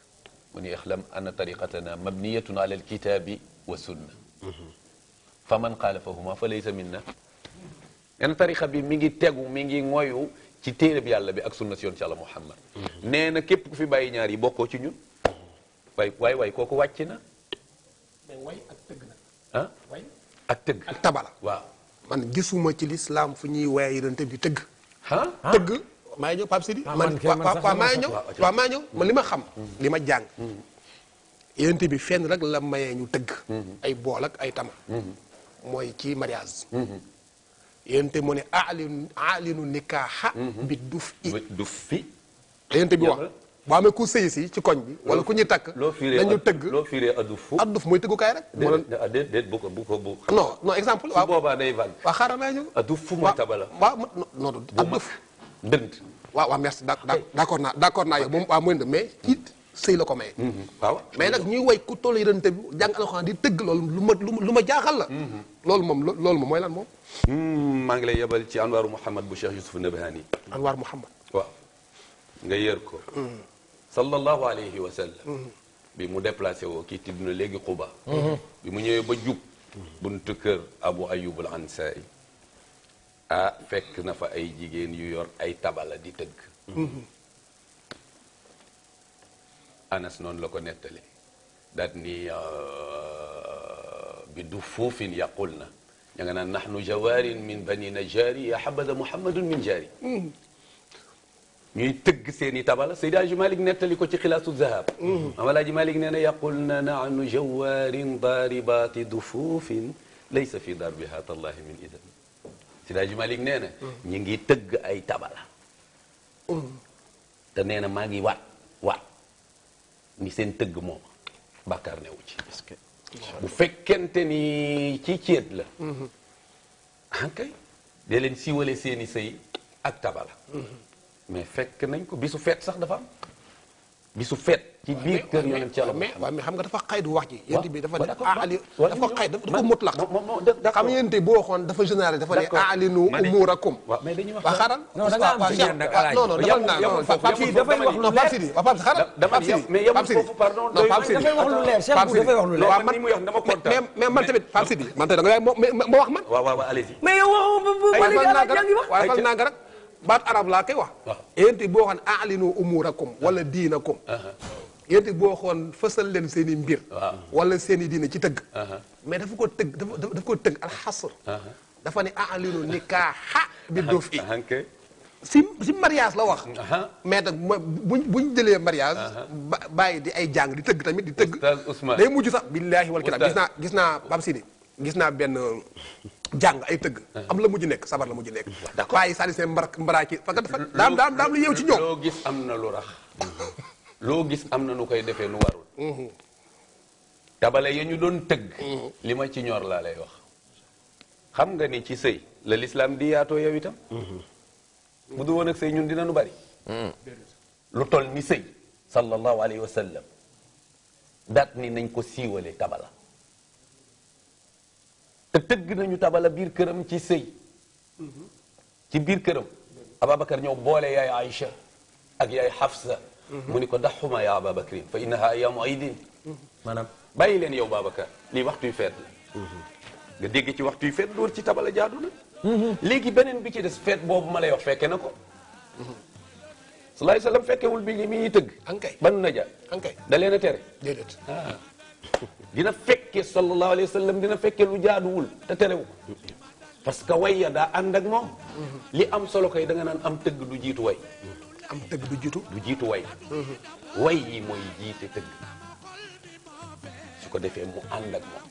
Speaker 3: mu ni ixlam anna tariqatana mabniyatun ala alkitabi wa sunna mm-hmm. fa man xaalafahuma fa laysa minna nen tariqa bi mi ngi tegu mi ngi ngoyu ci téereb yàlla bi ak sunna si yoon ci àlla muhammad mm-hmm. nee na képp ku fi bàyyi ñaar yi bokkoo ci ñun waay waay waay kooku wàcc na
Speaker 2: mais way ah? way ak tëgg ak tabala man gisuma ci lislaam fu ñuy wooye yonent bi tëgg tëgg maa ngi ñëw Pape Sidi ah, man waaw maa ñëw man li ma xam hmm. li ma jàng yonent bi fenn rek la mayee ñu tëgg hmm. ay bool ak ay tama hmm. mooy ci mariage yonent mu ne alinu alinu nikaaxa bi duf i duf fi yonent bi wax boo amee ku sëy si ci koñ bi wala ku ñuy takk dañu
Speaker 3: tëgg loo fiiree adduf adduf mooy tëggukaay rek déet déet bu ko bu ko bu non non exemple waaw boobaa day vague
Speaker 2: waaw xaaral maa ñëw
Speaker 3: adduf fu mooy tabala
Speaker 2: waaw non non adduf ndënd waaw waaw merci d'accord naa d'accord naa moom waaw mooy ndënd mais la ko maye mm-hmm, waaw mais nag ñuy way ku tollu yërante bi jàng alxuraan di tëgg loolu lu ma lu ma jaaxal la mm-hmm. loolu moom loolu moom mooy lan moom mm,
Speaker 3: maa ngi lay yebal ci Anwaaru Muhammad bu Cheikh Youssouf Nabahani Anwaaru Muhammad waaw nga yër ko mm. sallallahu alayhi wa sallam bi mu déplacé woo kii tidd na léegi Quba bi mu ñëwee ba jub buntu kër Abu Ayyub al-Ansari ah fekk na fa ay jigéen yu yor ay tabala di tëgg Anas noonu la ko nettali daat ni euh, bi du foofin yàqul na ña nga naan nahnu jawaarin min bani najari ya habada muhammadun min jaari ñuy tëgg seeni i tabala Seydi Hadji Malick nettali ko ci xilaasu zahab mhm. amalaaji Malick nee na yaqulna naanu jawaarin daaribaati dufuufin laysa fi darbiha tallahi min idan Seydi Hadji Malick nee mhm. ñu ngi tëgg ay tabala mhm. te nee na maa ngi waat waat ni seen tëgg mooma bàkkaar newu ci bu fekkente ni ci ceet la ankay ah, da leen siiwale seen i sëy ak tabala mais fekk nañ ko bisu feet sax dafa am
Speaker 2: bisu feet. ci biir kër yonent ci yàlla mais waaw mais xam nga dafa xaydu wax ji. yonent bi dafa ne boo waxoon dafa aalinu umurakum. waaw mais dañuy wax waaw xaaral. da ngaa Sidi dafay wax Sidi Pape Sidi Sidi mais yow man mais mais Sidi man tey da nga ma wax man. waaw ma ma léegi alaay jaa ngi baat arab laa koy wax yéen boo xoon aalinu umurakum ah. wala diinakum ah. yéen boo xoon fësal leen seeni i mbir wala seen i diina ci tëgg ah. mais dafa ko tëgg dafa dafa ko tëgg alxasr dafa ne aalinu nikaaxa bi dof i si si mariage la wax mais nag bu buñ jëlee mariage bàyyi di ay jàng di tëgg tamit di tëgg day mujj sax billaahi wal gis naa gis naa bam si gis naa benn jàng ay tëgg. am la mujj nekk sabar la mujj nekk. waaye Sadio Sène mbar mbaraaki parce que dafa daam daam daam lu yeew ci ñoom. loo gis am na lu rax.
Speaker 3: gis am na nu koy defee nu warul. Mm-hmm. tabale ya ñu doon tëgg. Mm-hmm. li ma ci ñor laa lay wax. xam nga ni ci sëy la lislaam di yaatoo yow itam. Mm-hmm. bu du woon ak sëy ñun dina nu bari. lu toll ni sëy. sallallahu alayhi wa sallam. daat ni nañ ko siiwalee tabala. tëgg nañu tabala biir këram ci sëy ci biir këram Ababacar ñëw boole yaay Aïcha ak yaay Hafsa mu ni ko daxuma yaa Ababacrin fa innaha ayaamu aydin maanaam bàyyi leen yow Babacar lii waxtuy feet la nga dégg ci yi feet dóor ci tabala jaadu na léegi beneen bi ci des feet boobu ma lay wax na ko salaay salaam fekkewul bi mi ñuy tëgg ankay banu naja ankay da leen a tere déedéet ah. dina fekke sallallahu alayhi wa sallam dina fekke lu jaaduwul te terewu ko parce que way daa ànd ak moom li am solo kay da nga naan am tëgg du jiitu way am tëgg du jiitu du jiitu way way yi mooy jiite tëgg su ko defee mu ànd ak moom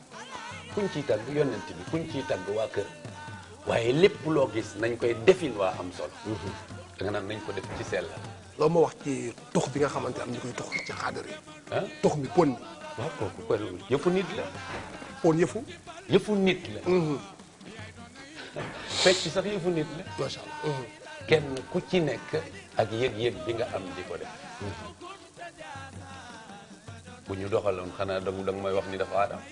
Speaker 3: kuñ ciy tàgg yonent bi kuñ ciy tàgg waa waaye lépp loo gis nañ koy defin waa am solo da naan nañ ko def ci sell
Speaker 2: loo ma wax ci tux bi nga xamante am ñu koy tux mi pon waaw kooku kon yëfu nit la. kon yëfu. nit la. Mm-hmm. fecc sax yëfu nit
Speaker 3: la. Mm-hmm. kenn ku ci nekk ak yëg-yëg bi nga am di ko def. Mm-hmm. bu ñu doxaloon xanaa da nga may wax ni dafa haram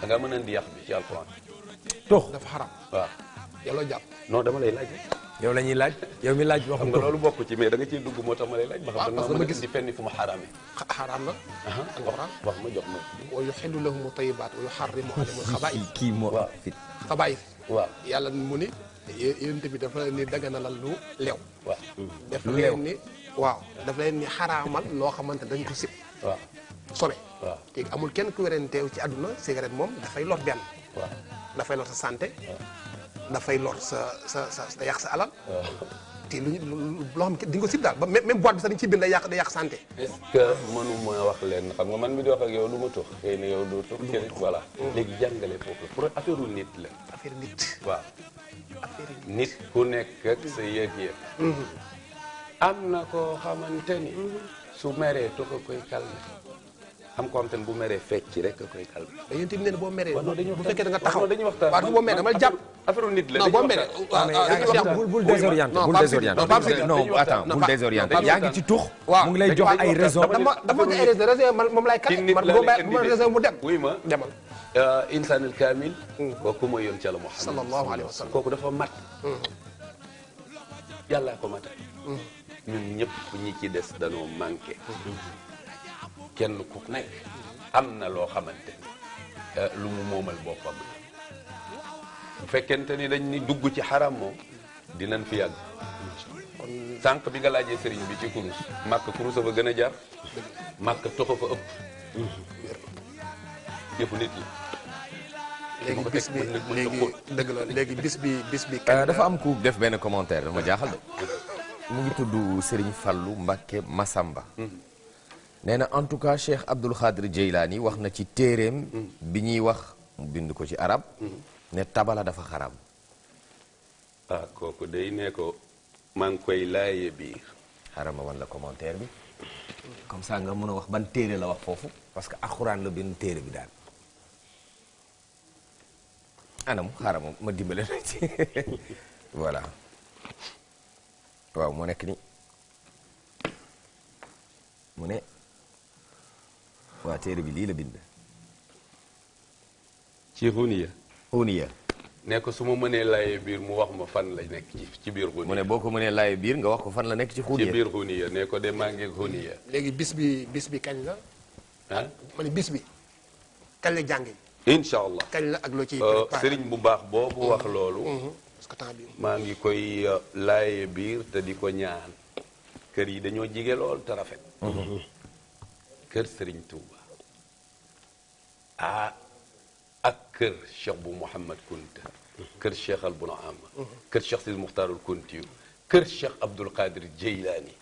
Speaker 3: da nga mën a indi ci alxuraan.
Speaker 2: tox dafa haram waaw. yàlla jàpp non dama lay laaj.
Speaker 3: yow la ñuy laaj yow mi laaj wax nga loolu bokk ci mais da nga ciy dugg moo tax ma lay laaj ba xam ah, da nga gis di
Speaker 2: fenn fu mu xaraame xaraam na alquran wax ma jox ma wa yuhillu lahum tayyibat wa yuharrimu alayhim al-khaba'ith kii moo fit ni yonent bi dafa leen ni daganalal lu leew
Speaker 1: waaw
Speaker 3: daf leen ni
Speaker 2: waaw leen xaraamal loo xamante dañ ko sib waaw sone waaw amul kenn ku werenteew ci àdduna cigarette moom dafay lor benn waaw dafay lor sa santé dafay lor sa sa sa sa yàq sa alal. Ah. te lu loo xam di nga ko sib daal ba même boîte bi sax dañ ciy bind day yàq day yàq santé.
Speaker 3: est ce mënuma wax leen xam nga man mi di wax ak yow du ma tux xëy na yow doo léegi jàngale foofu pour affaire u nit la. affaire nit. waaw affaire nit ku nekk ak sa yëg-yëg. Mhm. am na koo xamante ni. Mhm.
Speaker 2: su meree tux a koy calmer.
Speaker 3: am ko am te bu meree fecc rek a koy calme.
Speaker 2: yéen tamit nee na boo meree. bu fekkee da nga taxaw waaw du boo meree dama jàpp. affaire nit la non boo meree. waaw bul bul désorienté bul désorienté. non Pape Sidi non attends bul désorienté. yaa ngi ci tux. waaw mu ngi lay jox ay raisons. dama dama jox ay raisons raisons man moom laay kat. man boo bàyyi ma raison mu dem. wuy ma demal.
Speaker 3: Euh, insaanul kaamil. Mm. kooku mooy yoon ci Yàlla Muhammad. sallallahu alayhi wa sallam kooku dafa mat. Mm. yàllaa ko matal. Mm. ñun ñëpp ñi ci des danoo manqué. kenn ku nekk am na loo xamante eh, lu mu moomal boppam bu fekkente ni dañ ni dugg ci xaram moom dinañ fi yàgg kon sànq bi nga laajee sëriñ bi ci kurus màkk kurus fa gën a jar màkk toxo fa ëpp yëfu nit la
Speaker 2: léegi bis bi léegi léegi bis bi bis bi euh, dafa am ku
Speaker 1: def benn commentaire dama jaaxal de mu ngi tudd Serigne Fallou Mbacke Massamba mm-hmm. nee na en tout cas Cheikh Abdul Xaadir Jeylaani wax na ci téeréem bi ñuy wax mu bind ko ci arab ne tabala dafa xarab ah,
Speaker 3: kooku day ne ko maa ngi koy laaye biir xarama wan la commentaire bi
Speaker 1: comme ça nga mën a wax ban téere la wax foofu parce que alxuraan la bind téere bi daal anam xarama ma dimbale na ci voilà waaw moo nekk ni waa téere bi lii la bind. ci huniya. huniya.
Speaker 3: ne ko su ma mënee laajee biir mu wax ma fan la nekk ci
Speaker 1: ci biir huniya. mu ne boo ko mënee laajee biir nga wax ko fan la nekk ci huniya. ci biir
Speaker 3: huniya de maa ngi huniya.
Speaker 2: léegi bis bi bis bi kañ la. ah bis bi kañ la jàngi.
Speaker 3: incha allah kañ la ak loo ciy euh, sëriñ bu baax boobu mhm. wax loolu. Mhm. bi maa ngi koy euh, laajee biir te di ko ñaan. kër yi dañoo jige lool te rafet. Mhm. kër sëriñ Touba. ah ak kër cheikh bu Mouhamad Kunta kër cheikh al Bunaama kër cheikh Sidi Muxtaarul Kuntiyu kër cheikh Abdul Qadir Jeylaani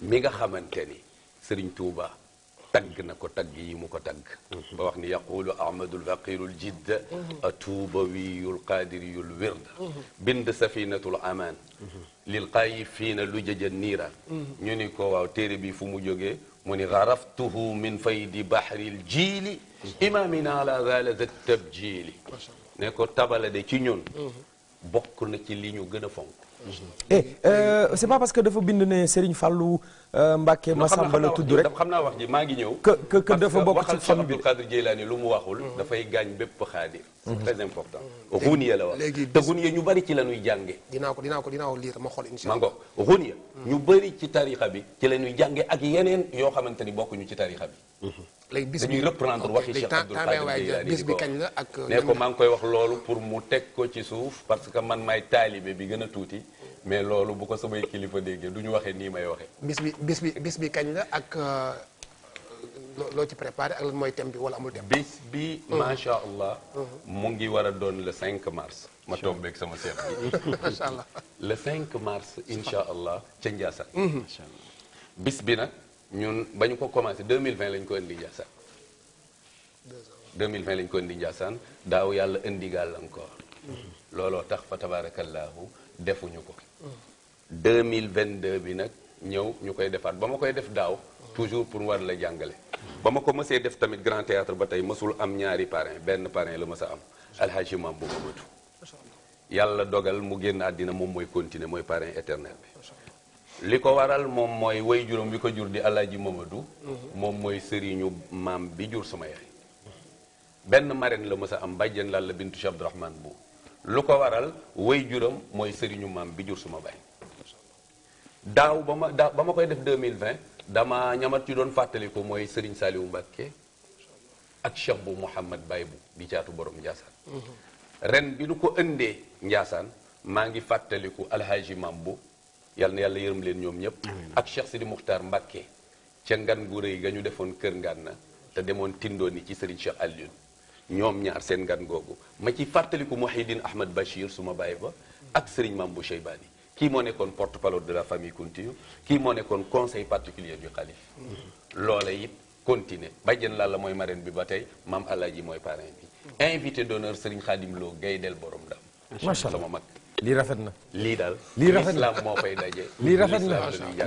Speaker 3: mi nga xamante ni Sëriñ Tuuba tagg na ko tagg yi mu ko tagg ba wax ni yaqulu ahmadul faqirul jidda atuubawiyul qadiriyul wird bind safinatul amaan lil qayifiina lu jëja niira ñu ni ko waaw téere bi fu mu jógee mu ni garaftuhu min faydi bahril jiili imaamina la zalika tabjili ne ko tabale de ci ñun mhm. bokk na ci li ñu gën fonk
Speaker 1: eh euh, c'est pas parce que dafa bind ne Serigne Fallou euh, Mbacké Massamba la tudd rek xam naa
Speaker 3: wax ji maa ngi ñëw que que dafa bokk ci fan bi Abdou Kadir Jeylaani lu mu waxul mhm. dafay gaañ bépp xaadir c'est très important runiya la wax te runiya ñu bari ci la ñuy jànge dinaa ko dinaa ko dinaa ko liir ma xool inshallah mango runiya mhm. ñu bari ci tarixa bi ci la ñuy jànge ak yeneen yoo xamante ni bokkuñu ci tarixa bi léegi bis bi dañuy reprendre waxi Cheikh Abdoul bis bi
Speaker 2: kañ la ak. ne ko maa
Speaker 3: ngi koy wax loolu pour mu teg ko ci suuf parce que man maay taalibe bi gën a tuuti mais loolu bu ko samay kilifa déggee du ñu waxee nii may waxee.
Speaker 2: bis bi bis bi bis bi kañ la ak euh, loo ci préparé ak lan mooy thème bi wala amul thème. bis bi macha
Speaker 3: allah. mu ngi war a doon le 5 mars. ma tombeeg sama seet bi. macha allah le 5 mars incha allah ca Ndiassane. macha allah bis bi nag. ñun ba ñu ko commencé 2020 la ñu ko indi Ndiassane 2020 lañ ko indi Ndiassane daaw yàlla indi gàllankoor looloo tax fa tabaarakallaahu defuñu ko 2022 bi nag ñëw ñu koy defaat ba ma koy def daaw toujours pour war la jàngale ba ma ko mësee def tamit grand théâtre ba tey mësul am ñaari parrain benn parrain la mës a am alhaji maam bu Mamadu yàlla dogal mu génn àddina moom mooy continuer mooy parrain éternel bi li ko waral moom mooy way juróom bi ko jur di alhaji Mamadou mm-hmm. moom mooy sëriñu maam bi jur sama yaay benn marraine la mos a am bàjjen Lalla bintu Cheikh Abdourahman bu lu ko waral way juram mooy sëriñu maam bi jur suma baay daaw ba ma daa ba ma koy def mille vingt dama ñamat ci doon fàttali mooy sëriñ Saliou Mbacke ak Cheikh bu Mouhamad Baye bu di jaatu borom Ndiassane mhm. ren bi nu ko ëndee Ndiassane maa ngi fàttaliku alhaji maam bu yàlla yàlla yërëm leen ñoom ñëpp ak Cheikh Sidi Moukhtar Mbacke ca ngan gu rëy ga ñu defoon kër ngan na te demoon tindoon ni ci sëriñ Cheikh ñoom ñaar seen ngan googu ma ci fàttaliku Mouhidine Ahmad Bachir su ma bàyyi ba ak Serigne Mame Bou Cheybani kii moo nekkoon porte-parole de la famille Kountiou kii moo nekkoon conseil particulier du xalif loola it continuer bàjjen la la mooy marraine bi ba tey maam Alaaji mooy parrain bi invité d'honneur Serigne Khadim Lo Gaydel borom
Speaker 1: Ndam sama mag lii rafet na lii daal lii rafet na
Speaker 3: moo fay daje lii rafet na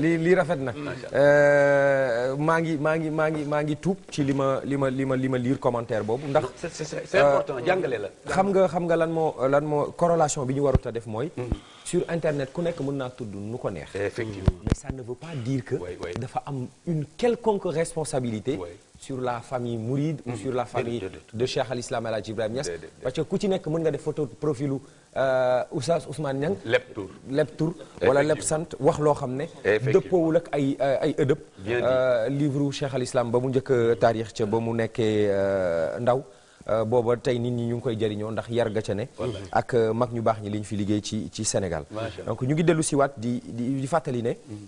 Speaker 3: lii
Speaker 1: lii rafet na euh, maa ngi maa ngi maa ngi maa ngi tuub ci li ma li ma li ma li ma lire commentaire boobu ndax c'est important euh, jàngale la xam nga xam nga lan moo lan moo corrélation bi ñu warut a def mooy mm-hmm. sur internet ku nekk mën naa tudd nu ko neex effectivement mais ça ne veut pas dire que dafa am une quelconque responsabilité sur la famille mouride hmm. sur la famille de Cheikh al Islam El Hadj Ibrahima Niass parce que ku ci nekk mën nga def photo profilu euh, Oustaz Ousmane Niang lépp tur lépp wala lépp sant wax loo xam ne dëppoowul ak ay euh, ay ëdëb euh, livre Cheikh al ba mu njëkk taarix ca ba mu nekkee ndaw booba tey nit ñi ñu ngi koy jëriñoo ndax yar ga ca ne ak mag ñu baax ñi li ñu fi liggéey ci ci Sénégal donc ñu ngi dellu siwaat di di fàttali ne hmm.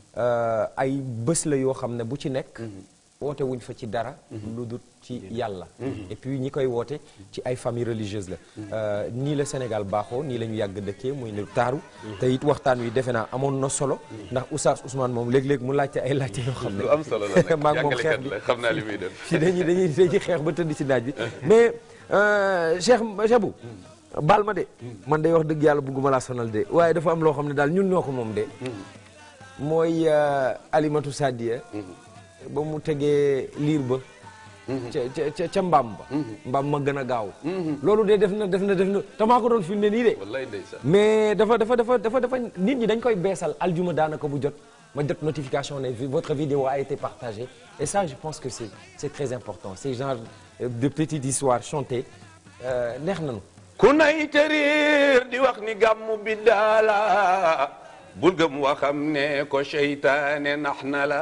Speaker 1: ay bés la yoo xam ne bu ci nekk hmm. woote wuñ fa ci dara mhm. lu dul ci yàlla mhm. et puis ñi koy woote ci ay famille religieuse la mhm. euh, nii la Sénégal baaxoo nii la ñu yàgg dëkkee muy lu taaru te it waxtaan wi defe naa amoon na solo ndax Oustaz Ousmane moom léeg-léeg mu laajte ay laajte yoo xam ne lu am solo la moom xeex bi
Speaker 3: xam naa li muy def
Speaker 1: si dañuy dañuy dañuy xeex ba tëdd si naaj bi mais euh, Cheikh Cheikh Bou baal ma de man day wax dëgg yàlla bugguma laa sonal de waaye dafa am loo xam ne daal ñun ñoo ko moom de mooy euh, alimatu sadiya ba mu tegee liir ba mhm. ca ca ca mbaam ba mhm. mbaam ma gën a gaaw mhm. loolu de def na def na def na tamaa ko doon filmé nii de mais dafa dafa dafa dafa dafa nit ñi dañ koy beesal aljuma daanaka bu jot ma jot notification ne votre vidéo a été partagée et ça je pense que c'est c'est très important c'est genre euh, de petite histoire chantée euh, neex nañu ku nay tëriir di wax ni gàmmu bi daala
Speaker 3: bul gëm waxam ne ko seytaane nax na la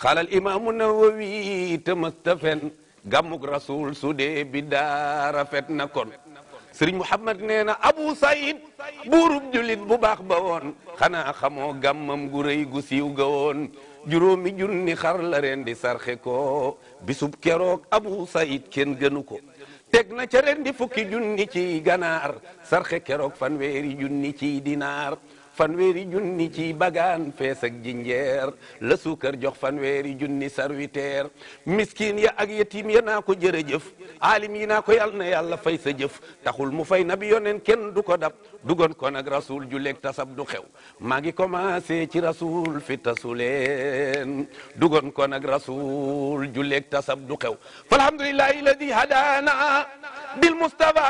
Speaker 3: xaalal imaamu nawawi te mësta fen gàmmuk rasul su dee bi daa rafet na kon sëriñ Muhammad nee na Abu Saïd buurub julit bu baax ba woon xanaa xamoo gàmmam gu rëy gu siiw ga woon juróomi junni xar la ren di sarxe ko bisub keroog Abu Saïd kenn gënu ko teg na ca ren di fukki junni ci ganaar sarxe keroog fanweeri junni ci dinaar fanweeri junni ci bagaan fees ak jinjeer la suukar jox fanweeri junni sarwiteer miskin ya ak yetim ya naa ko jërëjëf aalim yi naa ko yal na yàlla fay sa jëf taxul mu fay nabi yoneen kenn du ko dab dugoon ko nag rasul ju leeg tasab du xew maa ngi commencé ci rasul fi tasuleen dugoon ko nag rasul ju leeg tasab du xew falhamdulillahi alladi hadana bil mustafa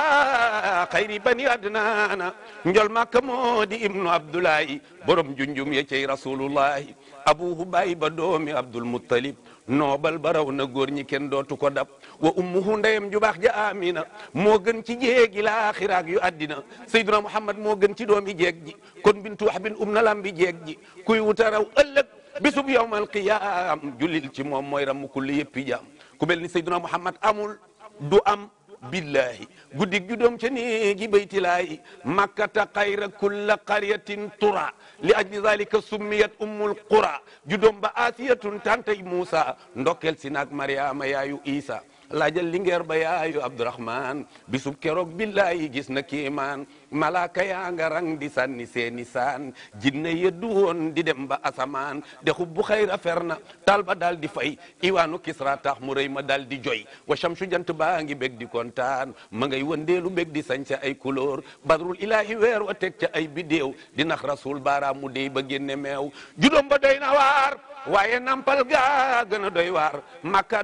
Speaker 3: xayri bani adnana njol makka moo di ibnu abdoulahi borom junjum ye cey rasulullahi abuhu bayi ba doomi abdul muttalib noobal ba na góor ñi kenn dootu ko dab wa ummuhu ndeyam ju baax ja amina moo gën ci jéegi laaxiraak yu addina sayduna muhammad moo gën ci doomi jeeg ji kon bintu wax bin um na lam jeeg ji kuy wuta raw ëllëg bisub yawmal qiyaam julil ci moom mooy ram kulli yëppi jaam ku mel ni sayduna muhammad amul du am billahi guddig judoom ca néegi baytilaayi makkata xayra kulla qaryatin tura li ajli zalika summiyat ummul qura judoom ba asiyatun tantay moussa ndokkel si naag mariama yaayu isa laajal lingeer ba yaayu abdourahman bisub keroog billaayi gis na kiimaan malaaka yaa nga rang di sànni seeni saan jinne yëddu woon di dem ba asamaan dexub bu xayra fer na taal ba dal di fay iwaanu kisra tax mu rëy ma daal di joy wa shamsu jant baa ngi bég di kontaan ma ngay wëndeelu bég di sañ ca ay couleur badrul ilaahi weer wa teg ca ay bidéew di nax rasul baaraam mu dey ba génne meew judoom ba doy na waar waaye nampal gaa gën a doy waar makka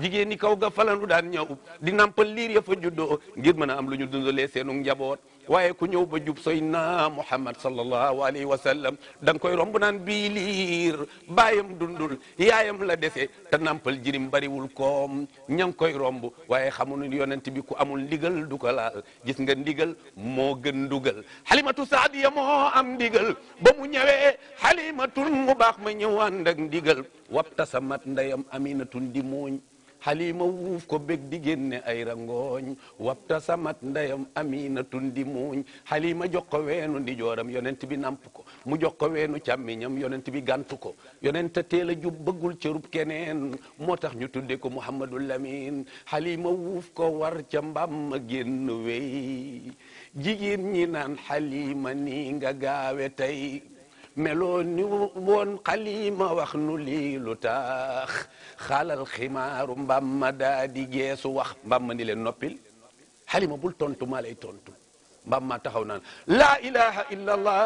Speaker 3: jigéen ñi kaw ga falalu daan ñëw di nampal liir ya fa juddoo ngir mën a am lu ñu dundalee seenu njaboot waaye ku ñëw ba jub soy na Muhammad sallallahu alayhi wa sallam da koy romb naan bii liir baayam dundul yaayam la dese te nampal jirim bariwul koom ña ngi koy romb waaye xamuñu yonent bi ku amul ndigal du ko laal gis nga ndigal moo gën ndugal Halimatu Saadiya moo am ndigal ba mu ñëwee Halimatun mu baax ma ñëw ànd ak ndigal wabtasamat ndeyam Aminatun di mooñ xalima wuuf ko bég di génne ay rangooñ wapta samat ndeyam amina tundi muuñ xalima jox ko weenu ndi jooram yonent bi namp ko mu jox ko weenu càmmiñam yonent bi gàntu ko yonenta teel a jub bëggul cërub keneen moo tax ñu tudde ko Muhammadul Lamin xalima wuuf ko war ca mbam ma génn wey jigéen ñi naan xalima nii nga gaawe tey meloo ni woon xalima wax nu lii lu tax xaalal ximaaru mbamma daa di geesu wax mbamma ni leen noppil xalima bul tontu maa lay tontu mbamma taxaw naan laa ilaha illa allah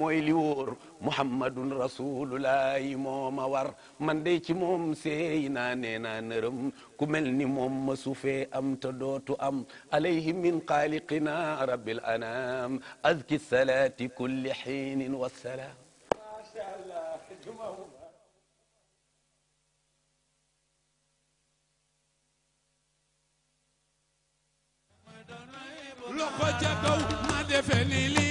Speaker 3: mooy li wóor muhammadun rasulullahi mooma war man de ci moom seey naa nee naa nërëm ku mel ni moom ma sufee am te dootu am alayhi min xaaliqina rabbil anam azki salaati kulli xiinin wassalaam
Speaker 1: macha allah
Speaker 5: kaw ma defe ni li